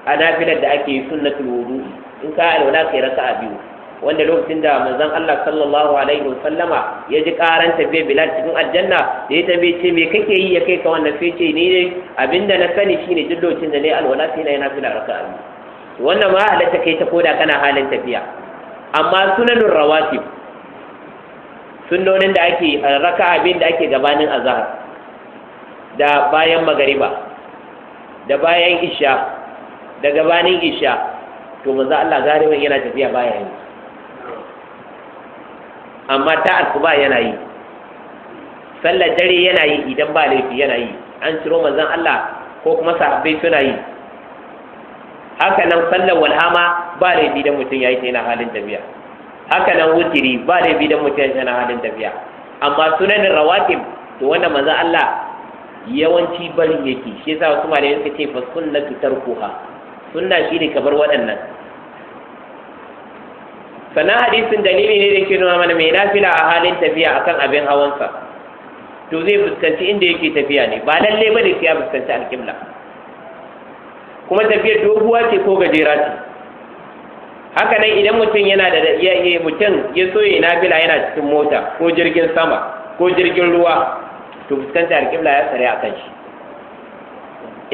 a nafilar da ake yi sunnatul wudu in kai alwala kai raka'a biyu wanda lokacin da manzon Allah sallallahu alaihi wa Sallama ya ji karan tafiye Bilal cikin aljanna da ya tabe ce me kake yi ya kai ka wannan fice ni ne abinda na sani shine duk lokacin da ne alwala sai na yana fila raka'a wannan ma halatta kai ta koda kana halin tafiya amma sunanun rawatib sunnonin da ake raka abin da ake gabanin azhar da bayan magariba da bayan isha da gabanin isha to manzo Allah gariban yana tafiya bayan yi amma ta asuba yana yi sallar dare yana yi idan ba laifi yana yi an ciro manzon Allah ko kuma sahabbai suna yi haka nan sallar walhama ba laifi da mutum ya yi ta yana halin tafiya haka nan wutiri ba laifi da mutum ya yi yana halin tafiya amma sunanin rawatib to wanda maza Allah yawanci barin yake shi yasa wasu malamai suka ce fa sunnatu tarkuha sunna ne kabar waɗannan sannan hadisin dalili ne da yake nuna mana mai nafila a halin tafiya akan abin hawansa to zai fuskanci inda yake tafiya ne ba lalle ba da ya fuskanci alƙibla kuma tafiyar doguwa ce ko gajera ce haka nan idan mutum yana da ya mutum ya so ya nafila yana cikin mota ko jirgin sama ko jirgin ruwa to fuskantar alƙibla ya tsare a kan shi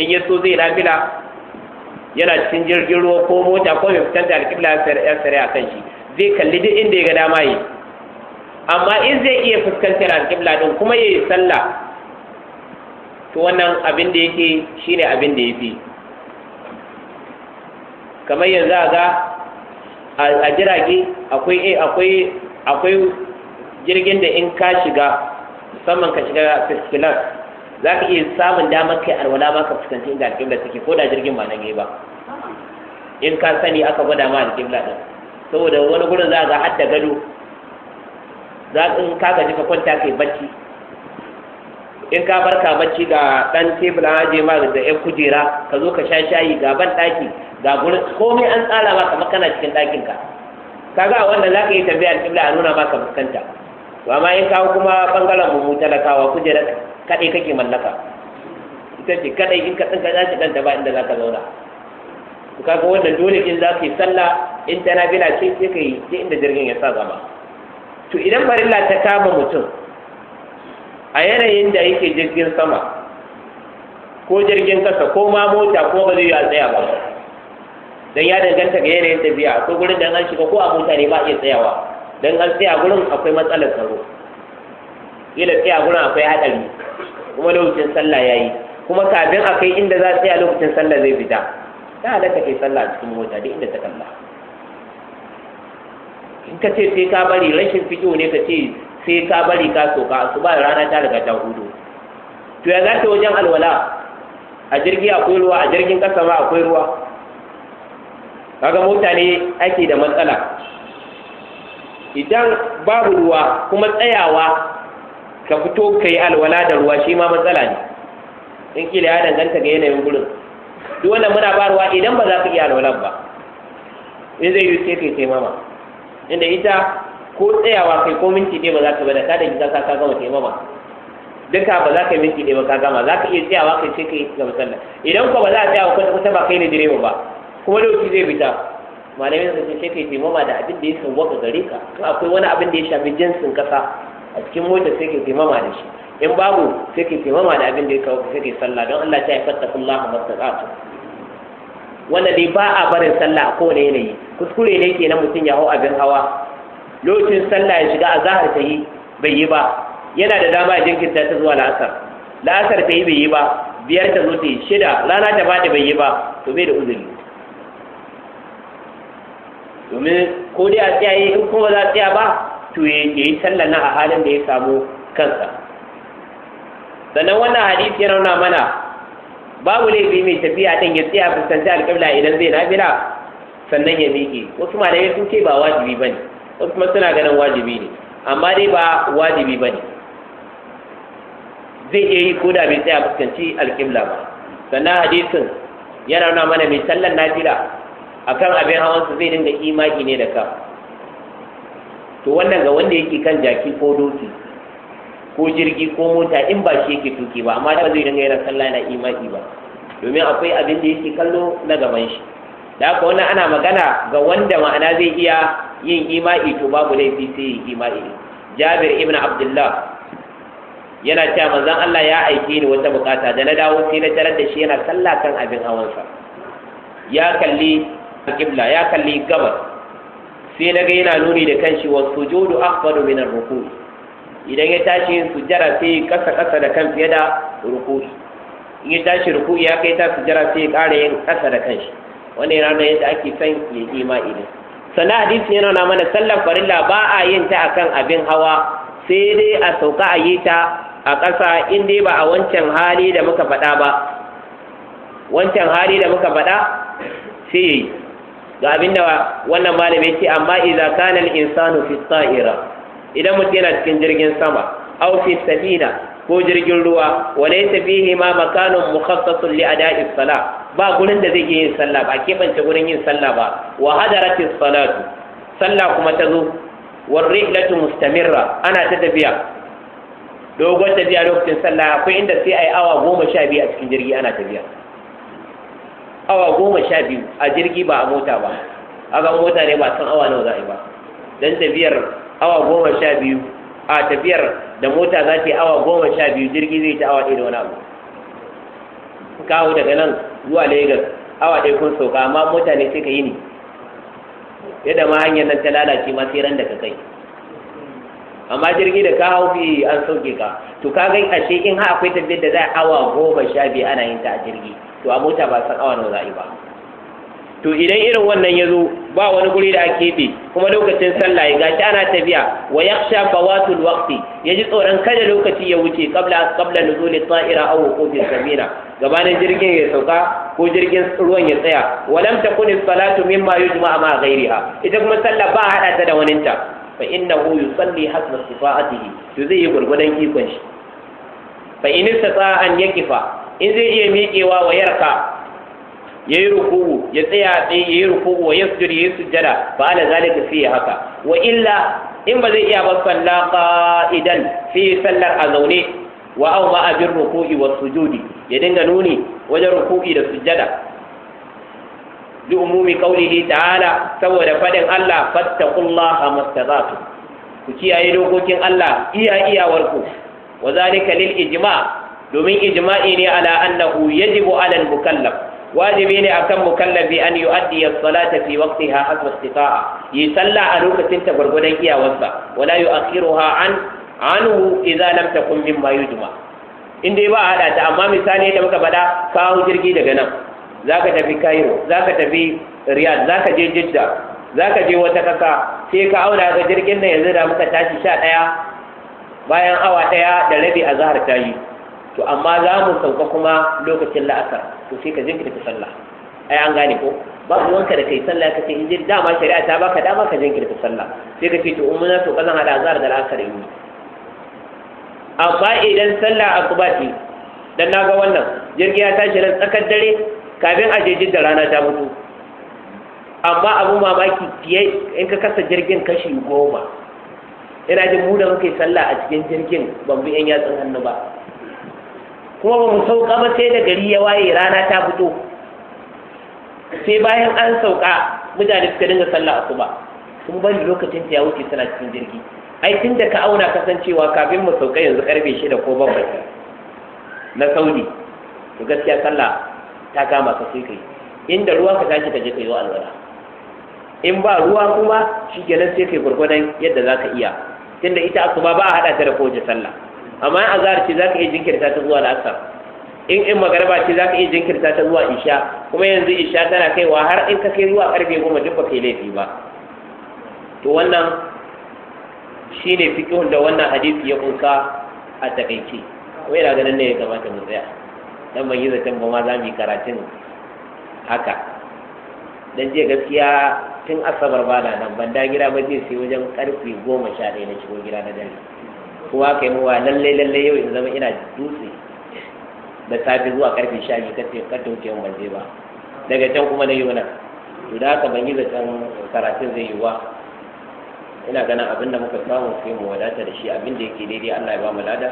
in ya so zai nafila yana cikin jirgin ruwa ko mota ko mai fuskantar alƙibla ya tsare a kan shi zai kalli duk inda ya ga dama yi amma in zai iya fuskantar alƙibla din kuma ya yi sallah to wannan abin da yake shine abin da ya fi kamar yanzu a ga a jirage eh, akwai akwai jirgin da in ka shiga musamman ka shiga first class za ka iya samun damar kai alwala ma ka fuskanci inda alƙibla take ko da jirgin ba na gai ba in ka sani aka gwada ma alƙibla ɗin saboda wani gurin za ga har gado za in ka gaji ka kwanta kai bacci in ka barka bacci ga dan tebula an je ma da yan kujera ka zo ka sha shayi ga ban daki ga gurin komai an tsara ma kamar kana cikin dakin ka kaga a wannan ka yi tambaya alƙibla a nuna ba ka fuskanta to amma in kawo kuma bangaren mu talakawa kujera kadai kake mallaka ita ce kadai in ka tsinka za ki danta ba inda za ka zauna to kaga wanda dole in za ka yi sallah in tana bila ce sai ka yi sai inda jirgin ya sa zama to idan farilla ta kama mutum a yanayin da yake jirgin sama ko jirgin kasa ko ma mota ko ba zai yi a tsaya ba don ya danganta ga yanayin tafiya ko gurin da an shiga ko a mota ne ba iya tsayawa don an tsaya gurin akwai matsalar tsaro ila tsaya gurin akwai haɗari kuma lokacin sallah ya yi kuma kafin a kai inda za a tsaya lokacin sallah zai fita ta halatta kai sallah a cikin mota duk inda ta kalla in ka ce sai ka bari rashin fito ne ka ce sai ka bari ka soka su ba rana ta daga ta hudu to ya za wajen alwala a jirgi akwai ruwa a jirgin kasa ma akwai ruwa kaga mutane ake da matsala idan babu ruwa kuma tsayawa ka fito ka yi alwala da ruwa shi ma matsala ne in kila ya danganta ga yanayin gurin duk wanda muna ba ruwa idan ba za ka iya alwalan ba in zai yi sai kai sai mama inda ita ko tsayawa kai ko minti ɗaya ba za ka bada ka da gida ka gama ba duka ba za ka minti ɗaya ba ka gama za ka iya tsayawa kai sai ka yi gama sallah idan ko ba za a tsaya kwata kwata ba kai ne direba ba kuma lokaci zai fita malamin sun ce sai ka yi taimama da abin da ya san waka gare ka to akwai wani abin da ya shafi jinsin kasa a cikin mota sai ka yi taimama da shi in babu sai ka yi taimama da abin da ya kawo ka sai ka yi sallah don Allah ta yi masu tsatsu wanda dai ba a barin sallah a kowane yanayi kuskure ne kenan mutum ya hau abin hawa lokacin sallah ya shiga a zahar ta yi bai yi ba yana da dama ya jinkirta ta zuwa la'asar la'asar ta yi bai yi ba biyar ta zo ta yi shida rana ta bada bai yi ba to bai da uzuri domin ko dai a tsaye in kuma za a tsaya ba to ya yi sallah na a halin da ya samu kansa sannan wannan hadisi yana nuna mana babu laifi mai tafiya dan ya tsaya fuskanci alƙabla idan zai nafila sannan ya miƙe wasu malamai sun ce ba wajibi ne kuma suna ganin wajibi ne amma dai ba wajibi ba ne zai iya yi ko da bai tsaya fuskanci alƙibla ba sannan hadisin yana nuna mana mai sallan nafila kan abin su zai dinga imaki ne da ka to wannan ga wanda yake kan jaki ko doki ko jirgi ko mota in ba shi yake tuki ba amma da zai dinga yana sallah yana imaki ba domin akwai abin da yake kallo na gaban shi da haka wannan ana magana ga wanda ma'ana zai iya yin ima'i to babu laifi sai yin ima'i jabir ibn abdullah yana cewa manzon Allah ya aike ni wata bukata da na dawo sai na tarar da shi yana sallah kan abin sa. ya kalli kibla ya kalli gabas sai na ga yana nuni da kanshi wa sujudu afdalu min ar-ruku' idan ya tashi yin sujjara sai kasa kasa da kan fiye da ruku'i in ya tashi ruku ya kai ta sujjara sai ya ƙara yin kasa da kanshi wannan yana da yadda ake son yin yi imani sannan hadisi yana nuna mana sallar farilla ba a yin ta akan abin hawa sai dai a sauka a yi ta a ƙasa in dai ba a wancan hali da muka faɗa ba wancan hali da muka faɗa sai yi ga abin da wannan malami ce amma idan kana al-insanu fi ta'ira idan mutum yana cikin jirgin sama aw fi sabina ko jirgin ruwa walaysa fihi ma makanun mukhassasun li ada'i Sallah? ba gurin da zai yin sallah ba keɓance gurin yin sallah ba wa hadaratis salatu sallah kuma ta zo war rihlatu mustamirra ana ta tafiya dogon tafiya lokacin sallah akwai inda sai ai awa goma sha biyu a cikin jirgi ana tafiya awa goma sha biyu a jirgi ba a mota ba a ga mota ne ba san awa nawa za a yi ba dan tafiyar awa goma sha biyu a tafiyar da mota za ta yi awa goma sha biyu jirgi zai ta awa ɗaya da wani abu kawo daga nan zuwa lagos awa ɗaya kun sauka amma mota ne sai ka yi ni yadda ma hanyar nan ta lalace ma sai ran da ka kai amma jirgi da ka hau bi an sauke ka to ka ga ashe in ha akwai tafiyar da za a awa goma sha biyu ana yin ta a jirgi to a mota ba san awa nawa za a yi ba to idan irin wannan ya zo ba wani guri da ake bi kuma lokacin sallah ya gashi ana tafiya wa yakhsha fawatul waqti ji tsoron kada lokaci ya wuce qabla qabla nuzuli ta'ira aw wuqufi samira gabanin jirgin ya sauka ko jirgin ruwan ya tsaya walam takun salatu mimma yujma'a ma ghairiha ita kuma sallah ba hada ta da waninta fa innahu yusalli hasba istifa'atihi to zai yi gurgudan ikon shi fa in istata an yakifa in zai iya miƙewa wa yarka ya yi ruku'u ya tsaya tsaye ya yi ruku'u wa yasjud ya yi sujjada fa ala zalika sai haka wa illa in ba zai iya ba salla qa'idan sai sallar a zaune wa aw ma abir ruku'i wa sujudi ya dinga nuni wajen ruku'i da sujjada bi umumi qawlihi ta'ala saboda fadin Allah fattaqullaha mastata'tum ku kiyaye dokokin Allah iya iyawarku wa zalika lil ijma' domin ijma'i ne ala annahu yajibu ala al-mukallaf wajibi ne akan mukallafi an yu'addi as-salata fi waqtiha hasba istita'a yi sallah a lokacin ta gurgudan iyawarsa wala yu'akhiruha an anhu idza lam takun mimma yujma in dai ba hada ta amma misali da muka bada kawo jirgi daga nan zaka tafi Cairo zaka tafi Riyadh zaka je Jidda zaka je wata kasa sai ka auna ga jirgin nan yanzu da muka tashi sha ɗaya bayan awa ɗaya da rabi a zahar tayi to amma za mu sauka kuma lokacin la'asar to sai ka jinkirta sallah ai an gane ko ba wanka da kai sallah ka ce in je dama shari'a ta baka dama ka ka sallah sai ka ce to in muna to kazan hada azhar da la'asar yi amma idan sallah asuba ce dan ga wannan jirgi ya tashi ran tsakar dare kafin a je da rana ta mutu amma abu mamaki fiye in ka kasa jirgin kashi goma ina jin mu da muke sallah a cikin jirgin ban bi yan yatsun hannu ba kuma ba mu sauka ba sai da gari ya waye rana ta fito sai bayan an sauka mutane suka dinga sallah asuba sun bari lokacin ta ya wuce suna cikin jirgi ai tun da ka auna kasancewa kafin mu sauka yanzu karfe shida ko bakwai na saudi to gaskiya sallah ta kama ka sai kai inda ruwa ka tashi ka je ka wa alwala in ba ruwa kuma shi kenan sai kai gwargwadon yadda za ka iya tunda ita asuba ba a haɗa ta da kowace sallah amma in azhar ce zaka iya jinkirta ta zuwa la'asar in in magarba ce zaka iya jinkirta ta zuwa isha kuma yanzu isha tana kaiwa har in ka kai zuwa karfe goma duk ba kai laifi ba to wannan shine fiqhun da wannan hadisi ya kunsa a takaice kuma yana ganin ne ya kamata mu tsaya dan ban yi zaton ba ma za mu yi karatun haka dan jiya gaskiya tun asabar ba nan ban da gida ba je sai wajen karfe goma sha ɗaya na shigo gida na dare kuma ka yi wa lalle lalle yau in zama ina dutse da safe zuwa karfe sha biyu kace ka dauke mun ban ba daga can kuma na yi wannan to da haka ban yi zaton karatun zai yi wa ina ganin abin da muka samu sai mu wadata da shi abin da yake daidai Allah ya ba mu lada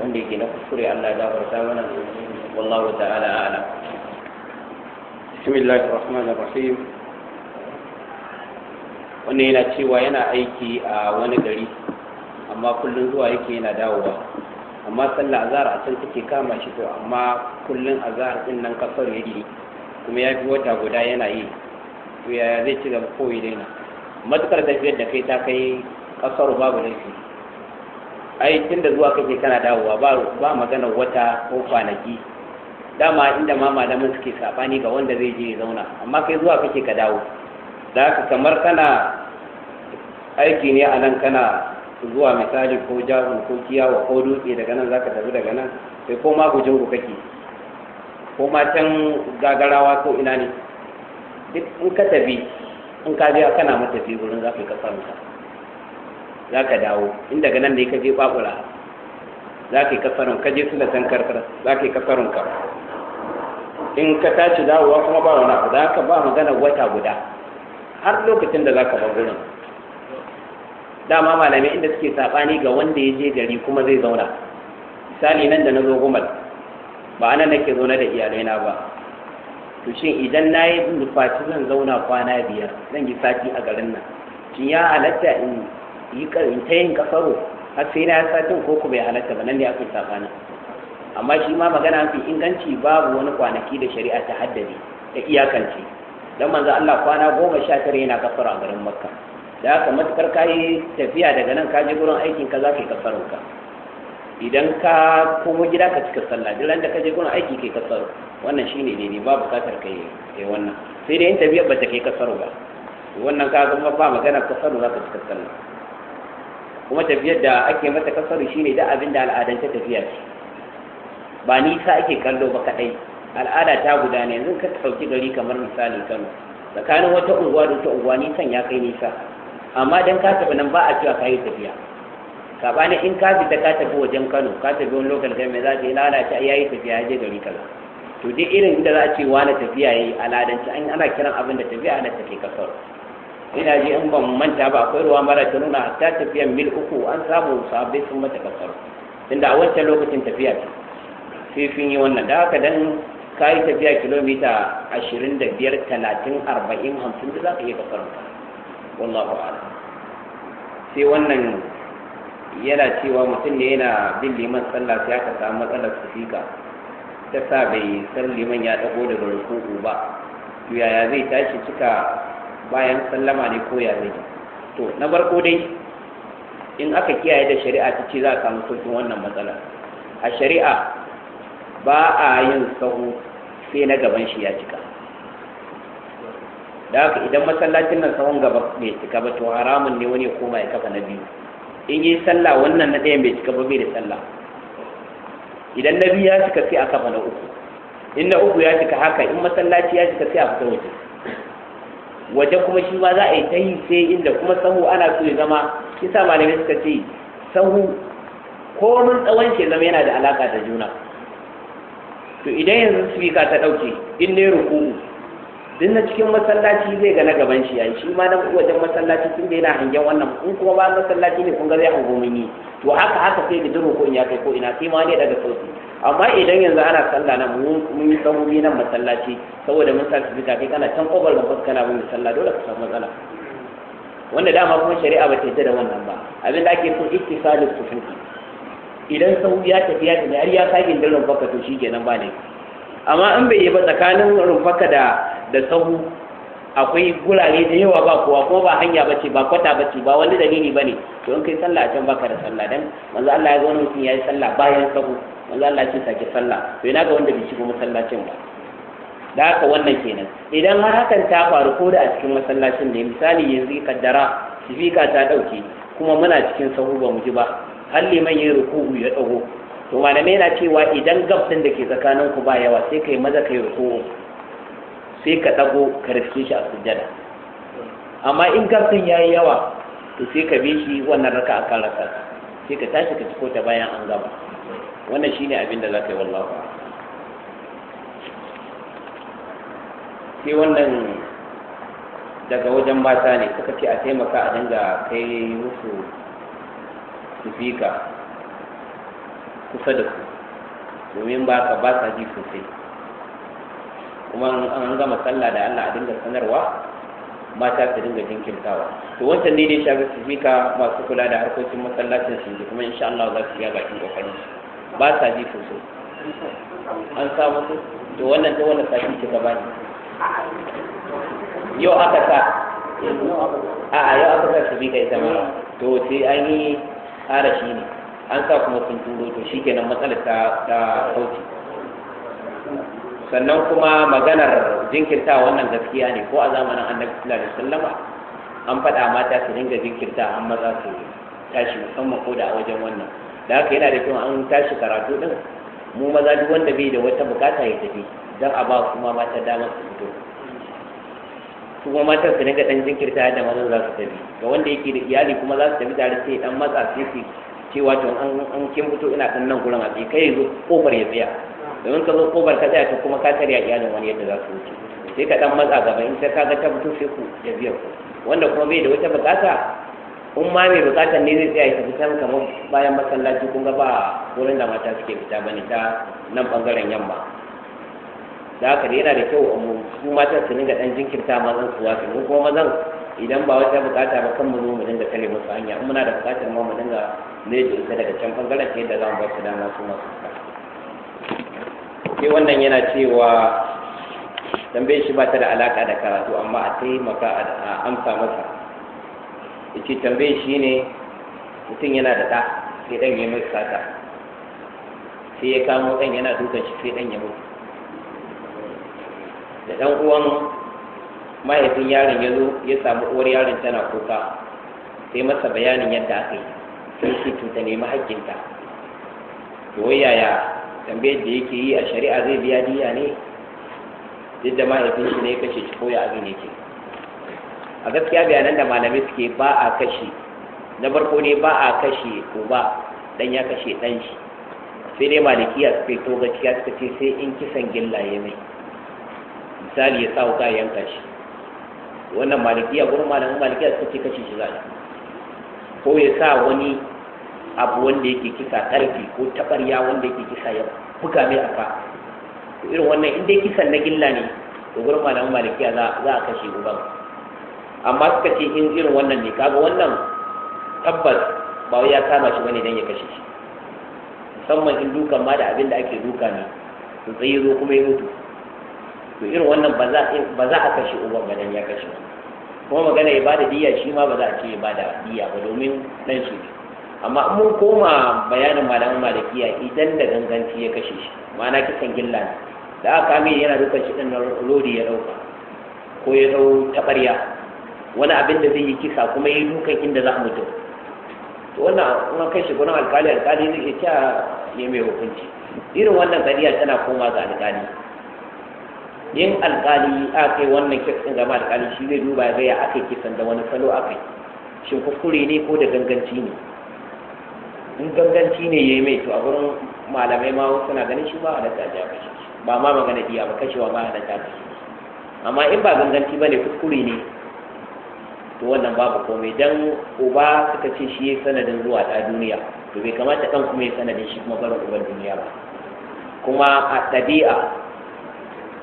wanda yake na kuskure Allah ya gafarta mana wallahu ta'ala a'lam bismillahir rahmanir rahim wannan yana cewa yana aiki a wani gari amma kullum zuwa yake yana dawowa amma sallah azhar a can take kama shi to amma kullum azhar din nan kasar yake kuma ya fi wata guda yana yi to yaya zai ci gaba koyi daina matukar tafiyar da kai ta kai kasar babu laifi ai tunda zuwa kake kana dawowa ba magana wata ko kwanaki dama inda ma malaman suke sabani ga wanda zai je ya zauna amma kai zuwa kake ka dawo da haka kamar kana aiki ne a nan kana zuwa misali ko jahun ko kiyawa ko dutse daga nan zaka tafi daga nan sai ko ma gujin ku kake ko ma can gagarawa ko ina ne duk in ka tafi in ka je kana matafi gurin zaka ka samu za ka dawo in daga nan ne ka je babura za ka yi kasarun ka je sulatan karkar za ka yi kasarun ka in ka tashi dawowa kuma ba wani abu da ka ba magana wata guda har lokacin da za ka ba gurin dama malamai inda suke saɓani ga wanda ya je gari kuma zai zauna misali nan da na zo gumal ba ana nake zaune da iyalai na ba to shin idan na yi nufaci zan zauna kwana biyar zan yi sati a garin nan shin ya halatta in yi ta yin kafaro? har sai na satin ko ku bai halatta ba nan ne aka saɓani amma shi ma magana mafi inganci babu wani kwanaki da shari'a ta haddade da iyakance don manzo Allah kwana goma sha tara yana kafara a garin makka da aka matukar ka yi tafiya daga nan ka je gurin aikin ka za ka yi kasarar ka idan ka komo gida ka cika sallah duk da ka je gurin aiki kai kasaro wannan shine daidai ba bukatar kai kai wannan sai dai in tafiya ba ta kai kasar ba wannan ka zama ba magana kasar za ka cika sallah kuma tafiyar da ake mata kasaro shine da abin da al'adance tafiya ce ba nisa ake kallo ba kadai al'ada ta gudana yanzu ka sauki gari kamar misalin Kano tsakanin wata unguwa da wata unguwa nisan ya kai nisa amma dan ka tafi nan ba a cewa ka yi tafiya in ka fita ka tafi wajen Kano ka tafi wani lokal kai mai za yi lalace ya yi tafiya ya je gari kaza to duk irin inda za a ce wani tafiya yayi a ladanci an ana kiran abin da tafiya ana tafi kasar ina ji in ban manta ba akwai ruwa mara ta nuna ta tafiyan mil uku an samu sahabbai sun mata kasar tunda a wancan lokacin tafiya ce fifin yi wannan da haka dan ka yi tafiya kilomita ashirin da biyar talatin arba'in hamsin da za ka iya kasar wallahu a'lam sai wannan yana cewa mutum ne yana bin liman sallah sai aka samu matsalar sufika ta sa bai san liman ya dago daga rukuku ba to yaya zai tashi cika bayan sallama ne ko ya zai to na farko dai in aka kiyaye da shari'a ta ce za a samu sauƙin wannan matsala a shari'a ba a yin sahu sai na gaban shi ya cika da haka idan masallacin nan sahun gaba bai cika ba to haramun ne wani ya koma ya kafa na biyu in yi sallah wannan na ɗaya bai cika ba bai da sallah idan na biyu ya cika sai a kafa na uku in na uku ya cika haka in masallaci ya cika sai a fita waje waje kuma shi ma za a yi ta yi sai inda kuma sahu ana so ya zama kisa malamai suka ce sahu komin tsawon ke zama yana da alaka da juna to idan yanzu sifika ta ɗauke in ne ruku'u duk na cikin masallaci zai ga na gaban shi yayin shi ma na wajen masallaci tun da yana hangen wannan in kuma ba masallaci ne kun ga zai hango mun yi to haka haka sai da duro ko in ya kai ko ina sai ma ne daga sauki amma idan yanzu ana sallah na mun yi sahuri nan masallaci saboda mun sa fita kai kana can kobar fuska na mun sallah dole ka samu matsala wanda dama kuma shari'a ba ta yi da wannan ba abin da ake so ittisalus sufufi idan sahu ya tafi ya tafi har ya sake dirin baka to kenan ba ne amma an bai yi ba tsakanin rumfaka da da sahu akwai gurare da yawa ba kowa ko ba hanya ba ce ba kwata ba ce ba wani dalili bane to in kai sallah a can baka da sallah dan manzo Allah ya ga wani mutum yi sallah bayan sahu manzo Allah ya ce sake sallah to ina ga wanda bai shigo masallacin ba da haka wannan kenan idan har hakan ta faru ko da a cikin masallacin ne misali yanzu kaddara sifika ta dauke kuma muna cikin sahu ba mu ji ba har liman yayi ruku'u ya dago to malamai yana cewa idan gab ɗin da ke tsakanin ku ba yawa sai kai maza kai ruku sai ka dago ka rufe shi a sujjada amma in gab ya yayi yawa to sai ka bi shi wannan raka a kan raka sai ka tashi ka ciko ta bayan an gama wannan shine abin da za ka yi wallahu sai wannan daga wajen mata ne suka ce a taimaka a dinga kai musu sifika kusa da ku domin ba ka ba sa ji sosai kuma an gama sallah da Allah a dinga sanarwa mata su dinga jinkirtawa to wancan ne dai shafi sifika masu kula da harkokin masallacin su kuma insha Allah za su yi bakin kokari ba sa ji sosai an samu su to wannan ta wannan sati ce gaba ne yau aka sa a yau aka sa sifika ita sama. to sai an yi ƙara shi ne an sa kuma sun turo to kenan matsalar ta ta sauki sannan kuma maganar jinkirta wannan gaskiya ne ko a zamanin annabi sallallahu alaihi wasallam an faɗa mata su dinga jinkirta an maza su tashi musamman ko da a wajen wannan da haka yana da kyau an tashi karatu din mu maza duk wanda bai da wata bukata ya tafi dan a ba kuma mata damar su fito kuma matan su dinga dan jinkirta da maza za su tafi ga wanda yake da iyali kuma za su tafi tare sai dan matsa sai su cewa to an kin fito ina kan nan gurin a tsaye kai zo kofar ya tsaya domin ka zo kofar ka tsaya to kuma ka tarya iyalin wani yadda za su wuce sai ka dan matsa gaba in sai kaga ta fito sai ku ya biyar ku wanda kuma bai da wata bukata in ma mai bukatar ne zai tsaya ya fita kamar bayan masallaci kun ga ba wurin da mata suke fita bane ta nan bangaren yamma da haka yana da kyau mu su mata su dinga dan jinkirta mazan su wasu kuma mazan idan ba wata bukata ba kan mu mu dinga kare musu hanya in muna da bukatar mu mu dinga ne da ita daga can bangaren ta da za mu ba su dama su masu sai wannan yana cewa tambayar shi ba ta da alaka da karatu amma a taimaka a amsa masa yace tambayar shi ne mutum yana da ɗa sai ɗan ya mai sata sai ya kamo dan yana dukan shi sai ɗan ya mutu da ɗan uwan mahaifin yaron ya zo ya samu uwar yaron tana kuka sai masa bayanin yadda aka yi sai ce tuta nemi haƙƙinta to yaya tambayar da yake yi a shari'a zai biya diya ne duk da mahaifin shi ne ya kashe shi ko ya abin yake a gaskiya bayanan da malamai suke ba a kashe na farko ne ba a kashe ba dan ya kashe dan shi sai dai malikiya suka to gaskiya suka ce sai in kisan gilla ya mai misali ya sa wuka yanka shi wannan malikiya gurin malamin malikiya su ce kashi shi za ko ya sa wani abu wanda yake kisa ƙarfi ko taɓarya wanda yake kisa ya buga mai a fa, irin wannan inda ya kisan na gilla ne to gurin malamin malikiya za a kashe uban amma suka ce in irin wannan ne kaga wannan tabbas ba wai ya kama shi bane dan ya kashe shi musamman in dukan ma da abin da ake duka ne to sai ya zo kuma ya mutu to irin wannan ba za a kashe uban dan ya kashe kuma magana ya bada diya shi ma ba za a ce ya bada diya ba domin nan shi amma in mun koma bayanin malamin malikiya idan da ganganci ya kashe shi ma'ana kisan gilla ne da aka kame yana dukan shi din lodi ya dauka ko ya dau tabarya wani abin da zai yi kisa kuma ya yi dukan inda za a mutu to wannan kuma kai shi gurin alkali alkali zai iya cewa ne mai hukunci irin wannan kadiya tana koma ga alkali yin alƙali a kai wannan kek ɗin gama alƙali shi zai duba zai a kai kisan da wani salo a kai shin kuskure ne ko da ganganci ne in ganganci ne ya yi mai to a gurin malamai ma suna ganin shi ba a da tsaja ba shi ba ma magana biya ba kashewa ba a da tsaja amma in ba ganganci ba ne kuskure ne to wannan babu komai dan uba suka ce shi ya sanadin zuwa ta duniya to bai kamata kan kuma ya sanadin shi kuma barin uban duniya ba kuma a ɗabi'a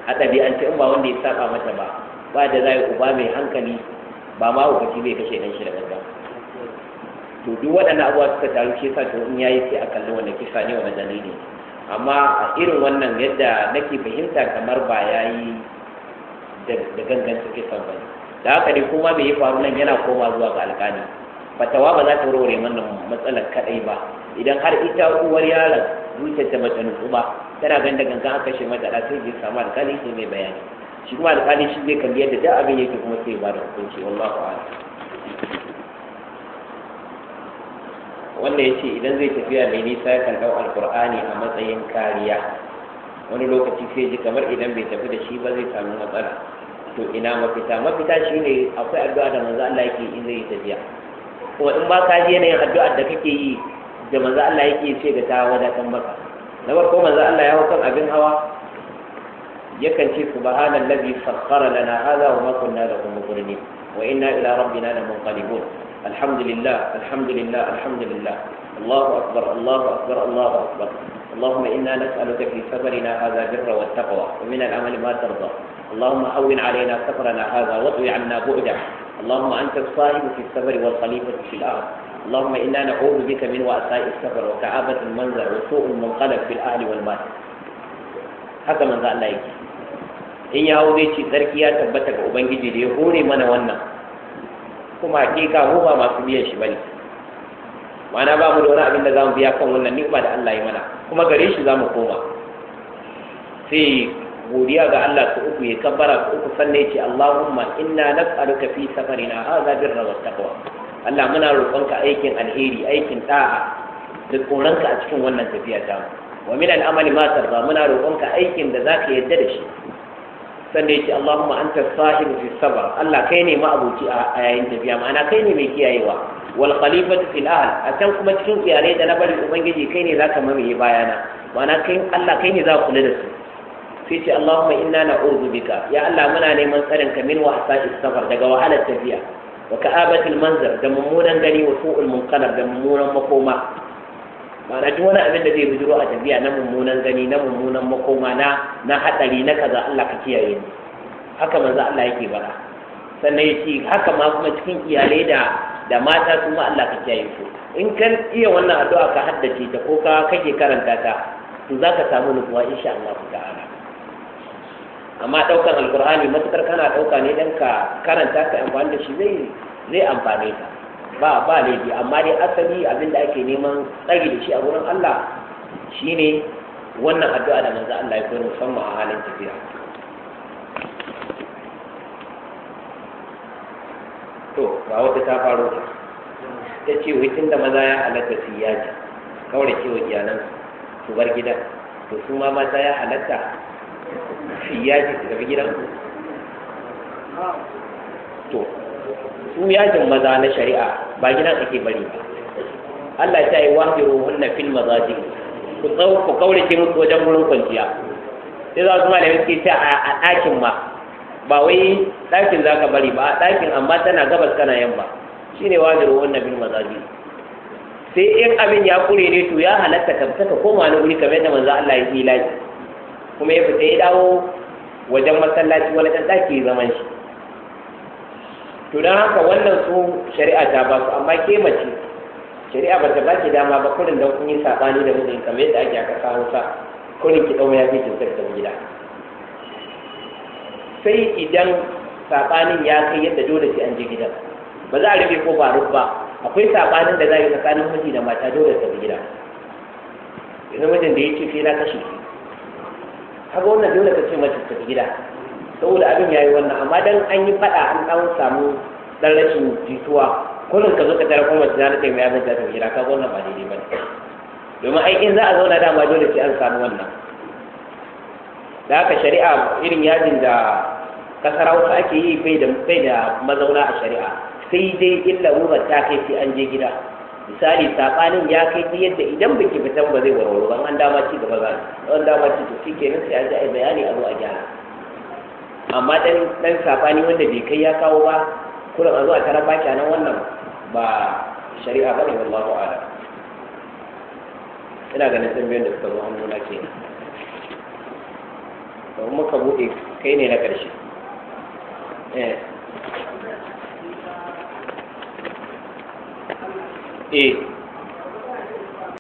a ɗabi'ance in ba wanda ya saba mata ba ba da za uba mai hankali ba ma ukaci zai kashe ɗan shi da ɗan to duk waɗannan abubuwa suka taru shi yasa to in yayi sai a kalli wanda kisa ne wanda dalili amma a irin wannan yadda nake fahimta kamar ba yayi da gangan kisan ba da haka dai kuma mai yi faru nan yana koma zuwa ga alƙali fatawa ba za ta warware mana matsalar kaɗai ba idan har ita uwar yaron zuciyar ta bata nutsu ba tana ganin da gangan aka kashe mata da sai ji samu alƙali sai mai bayani shi kuma alƙali shi zai kalli yadda duk abin yake kuma sai ba da hukunci wallahu a'lam wanda ya ce idan zai tafiya mai nisa ya kan ɗau alƙur'ani a matsayin kariya wani lokaci sai ji kamar idan bai tafi da shi ba zai samu matsala to ina mafita mafita shine akwai addu'a da manzo Allah yake in zai tafiya ko in ba ka je yanayin addu'ar da kake yi da manzo Allah yake ce da ta wadatan maka na farko manzo Allah ya hukan abin hawa yakan ce subhanallazi sakhkhara lana hadha wa ma kunna lahu muqrinin wa inna ila rabbina lamunqalibun alhamdulillah alhamdulillah alhamdulillah الله أكبر الله أكبر الله أكبر اللهم إنا نسألك في سفرنا هذا البر والتقوى ومن العمل ما ترضى اللهم هون علينا سفرنا هذا واطوي عنا بعده اللهم أنت الصاحب في السفر والخليفة في الأرض اللهم إنا نعوذ بك من وأساء السفر وكآبة المنظر وسوء المنقلب في الأهل والمال haka manzo Allah yake in ya zai ce sarki ya tabbata ga ubangiji da ya hore mana wannan kuma hakika mu ba masu biyan shi bane ma'ana ba mu da wani abin da za mu biya kan wannan ni'ima da Allah ya mana kuma gare shi zamu koma sai godiya ga Allah ta uku ya kabbara ta uku sannan ya ce Allahumma inna nas'aluka fi safarina hadha birra wattaqwa Allah muna roƙonka aikin alheri aikin da'a da tsoronka a cikin wannan tafiya ta wa min al'amali ma tarda muna roƙonka aikin da zaka yadda da shi sannan yace Allahumma anta sahib fi sabr Allah kai ne ma a yayin tafiya ma'ana kai ne mai kiyayewa wal khalifatu fil ahl a can kuma cikin iyale da na bari ubangiji kai ne zaka mamaye bayana ma'ana kai Allah kai ne za kula da su sai ce Allahumma inna na'udhu bika ya Allah muna neman tsarin ka min wa'sa sabar daga wahalar tafiya wa ka'abatil manzar da mummunan gani wa su'ul munqalab da mummunan makoma ma'ana duk wani abin da zai bijiro a tafiya na mummunan gani na mummunan makoma na na hadari na kaza Allah ka kiyaye ni haka manzo Allah yake bara sannan yace haka ma kuma cikin iyalai da da mata kuma Allah ka kiyaye su in kan iya wannan addu'a ka haddace ta ko ka kake karanta ta to zaka samu nutsuwa insha Allah ta'ala amma ɗaukar alkur'ani matukar kana ɗauka ne dan ka karanta ka amfani da shi zai zai amfane ka ba ba laifi amma dai asali abin da ake neman tsari da shi a wurin Allah shine wannan addu'a da manzo Allah ya koyar musamman a halin tafiya to ga wata ta faro ta ce wai tunda maza ya halatta su yaji kawai cewa iyalansu su bar gida to su ma mata ya halatta ya ce su tafi gidan to su yajin maza na shari'a ba gidan ake bari ba Allah ta yi wahiru wannan fil mazaji ku tsau ku kaurace musu wajen wurin kwanciya sai za su malamin suke ta a ɗakin ma ba wai ɗakin za ka bari ba a ɗakin amma tana gabas kana yamma shine wahiru wannan fil mazaji sai in abin ya kure ne to ya halatta ka ka koma na wuri kamar yadda manzo Allah ya yi lafiya kuma ya fita ya dawo wajen masallaci wani ɗan ɗaki zaman shi to don haka wannan su shari'a ta ba su amma ke mace shari'a ba ta ba ki dama ba kurin don kun yi saɓani da mijin kamar yadda ake a ƙasa hausa kurin ki ɗau ya fi kin da gida sai idan saɓanin ya kai yadda dole sai an je gidan ba za a rufe ko ba ba akwai saɓanin da za a yi tsakanin miji da mata dole ta bi gida yanzu mijin da ya ce sai na kashe shi kaga wannan dole ka ce mace tafi gida saboda abin yayi wannan amma dan an yi faɗa an dan samu dan rashin jituwa kullum ka zo ka tara kuma mace ta kai mai abin ta ta gida kaga wannan ba daidai bane domin ai in za a zauna dama dole sai an samu wannan da haka shari'a irin yajin da kasar hausa ake yi bai da mazauna a shari'a sai dai illa rubar ta kai sai an je gida misali sabanin ya kai ta yadda idan biki fitan ba zai warware ba an dama ci gaba zan an dama ci to nan sai a ji bayani a zo a gyara amma dan dan sabani wanda bai kai ya kawo ba kullum a zo a tara baki nan wannan ba shari'a ba ne wallahu a'lam ina ganin biyan da suka zo hannu na ke ba muka bude kai ne na karshe eh A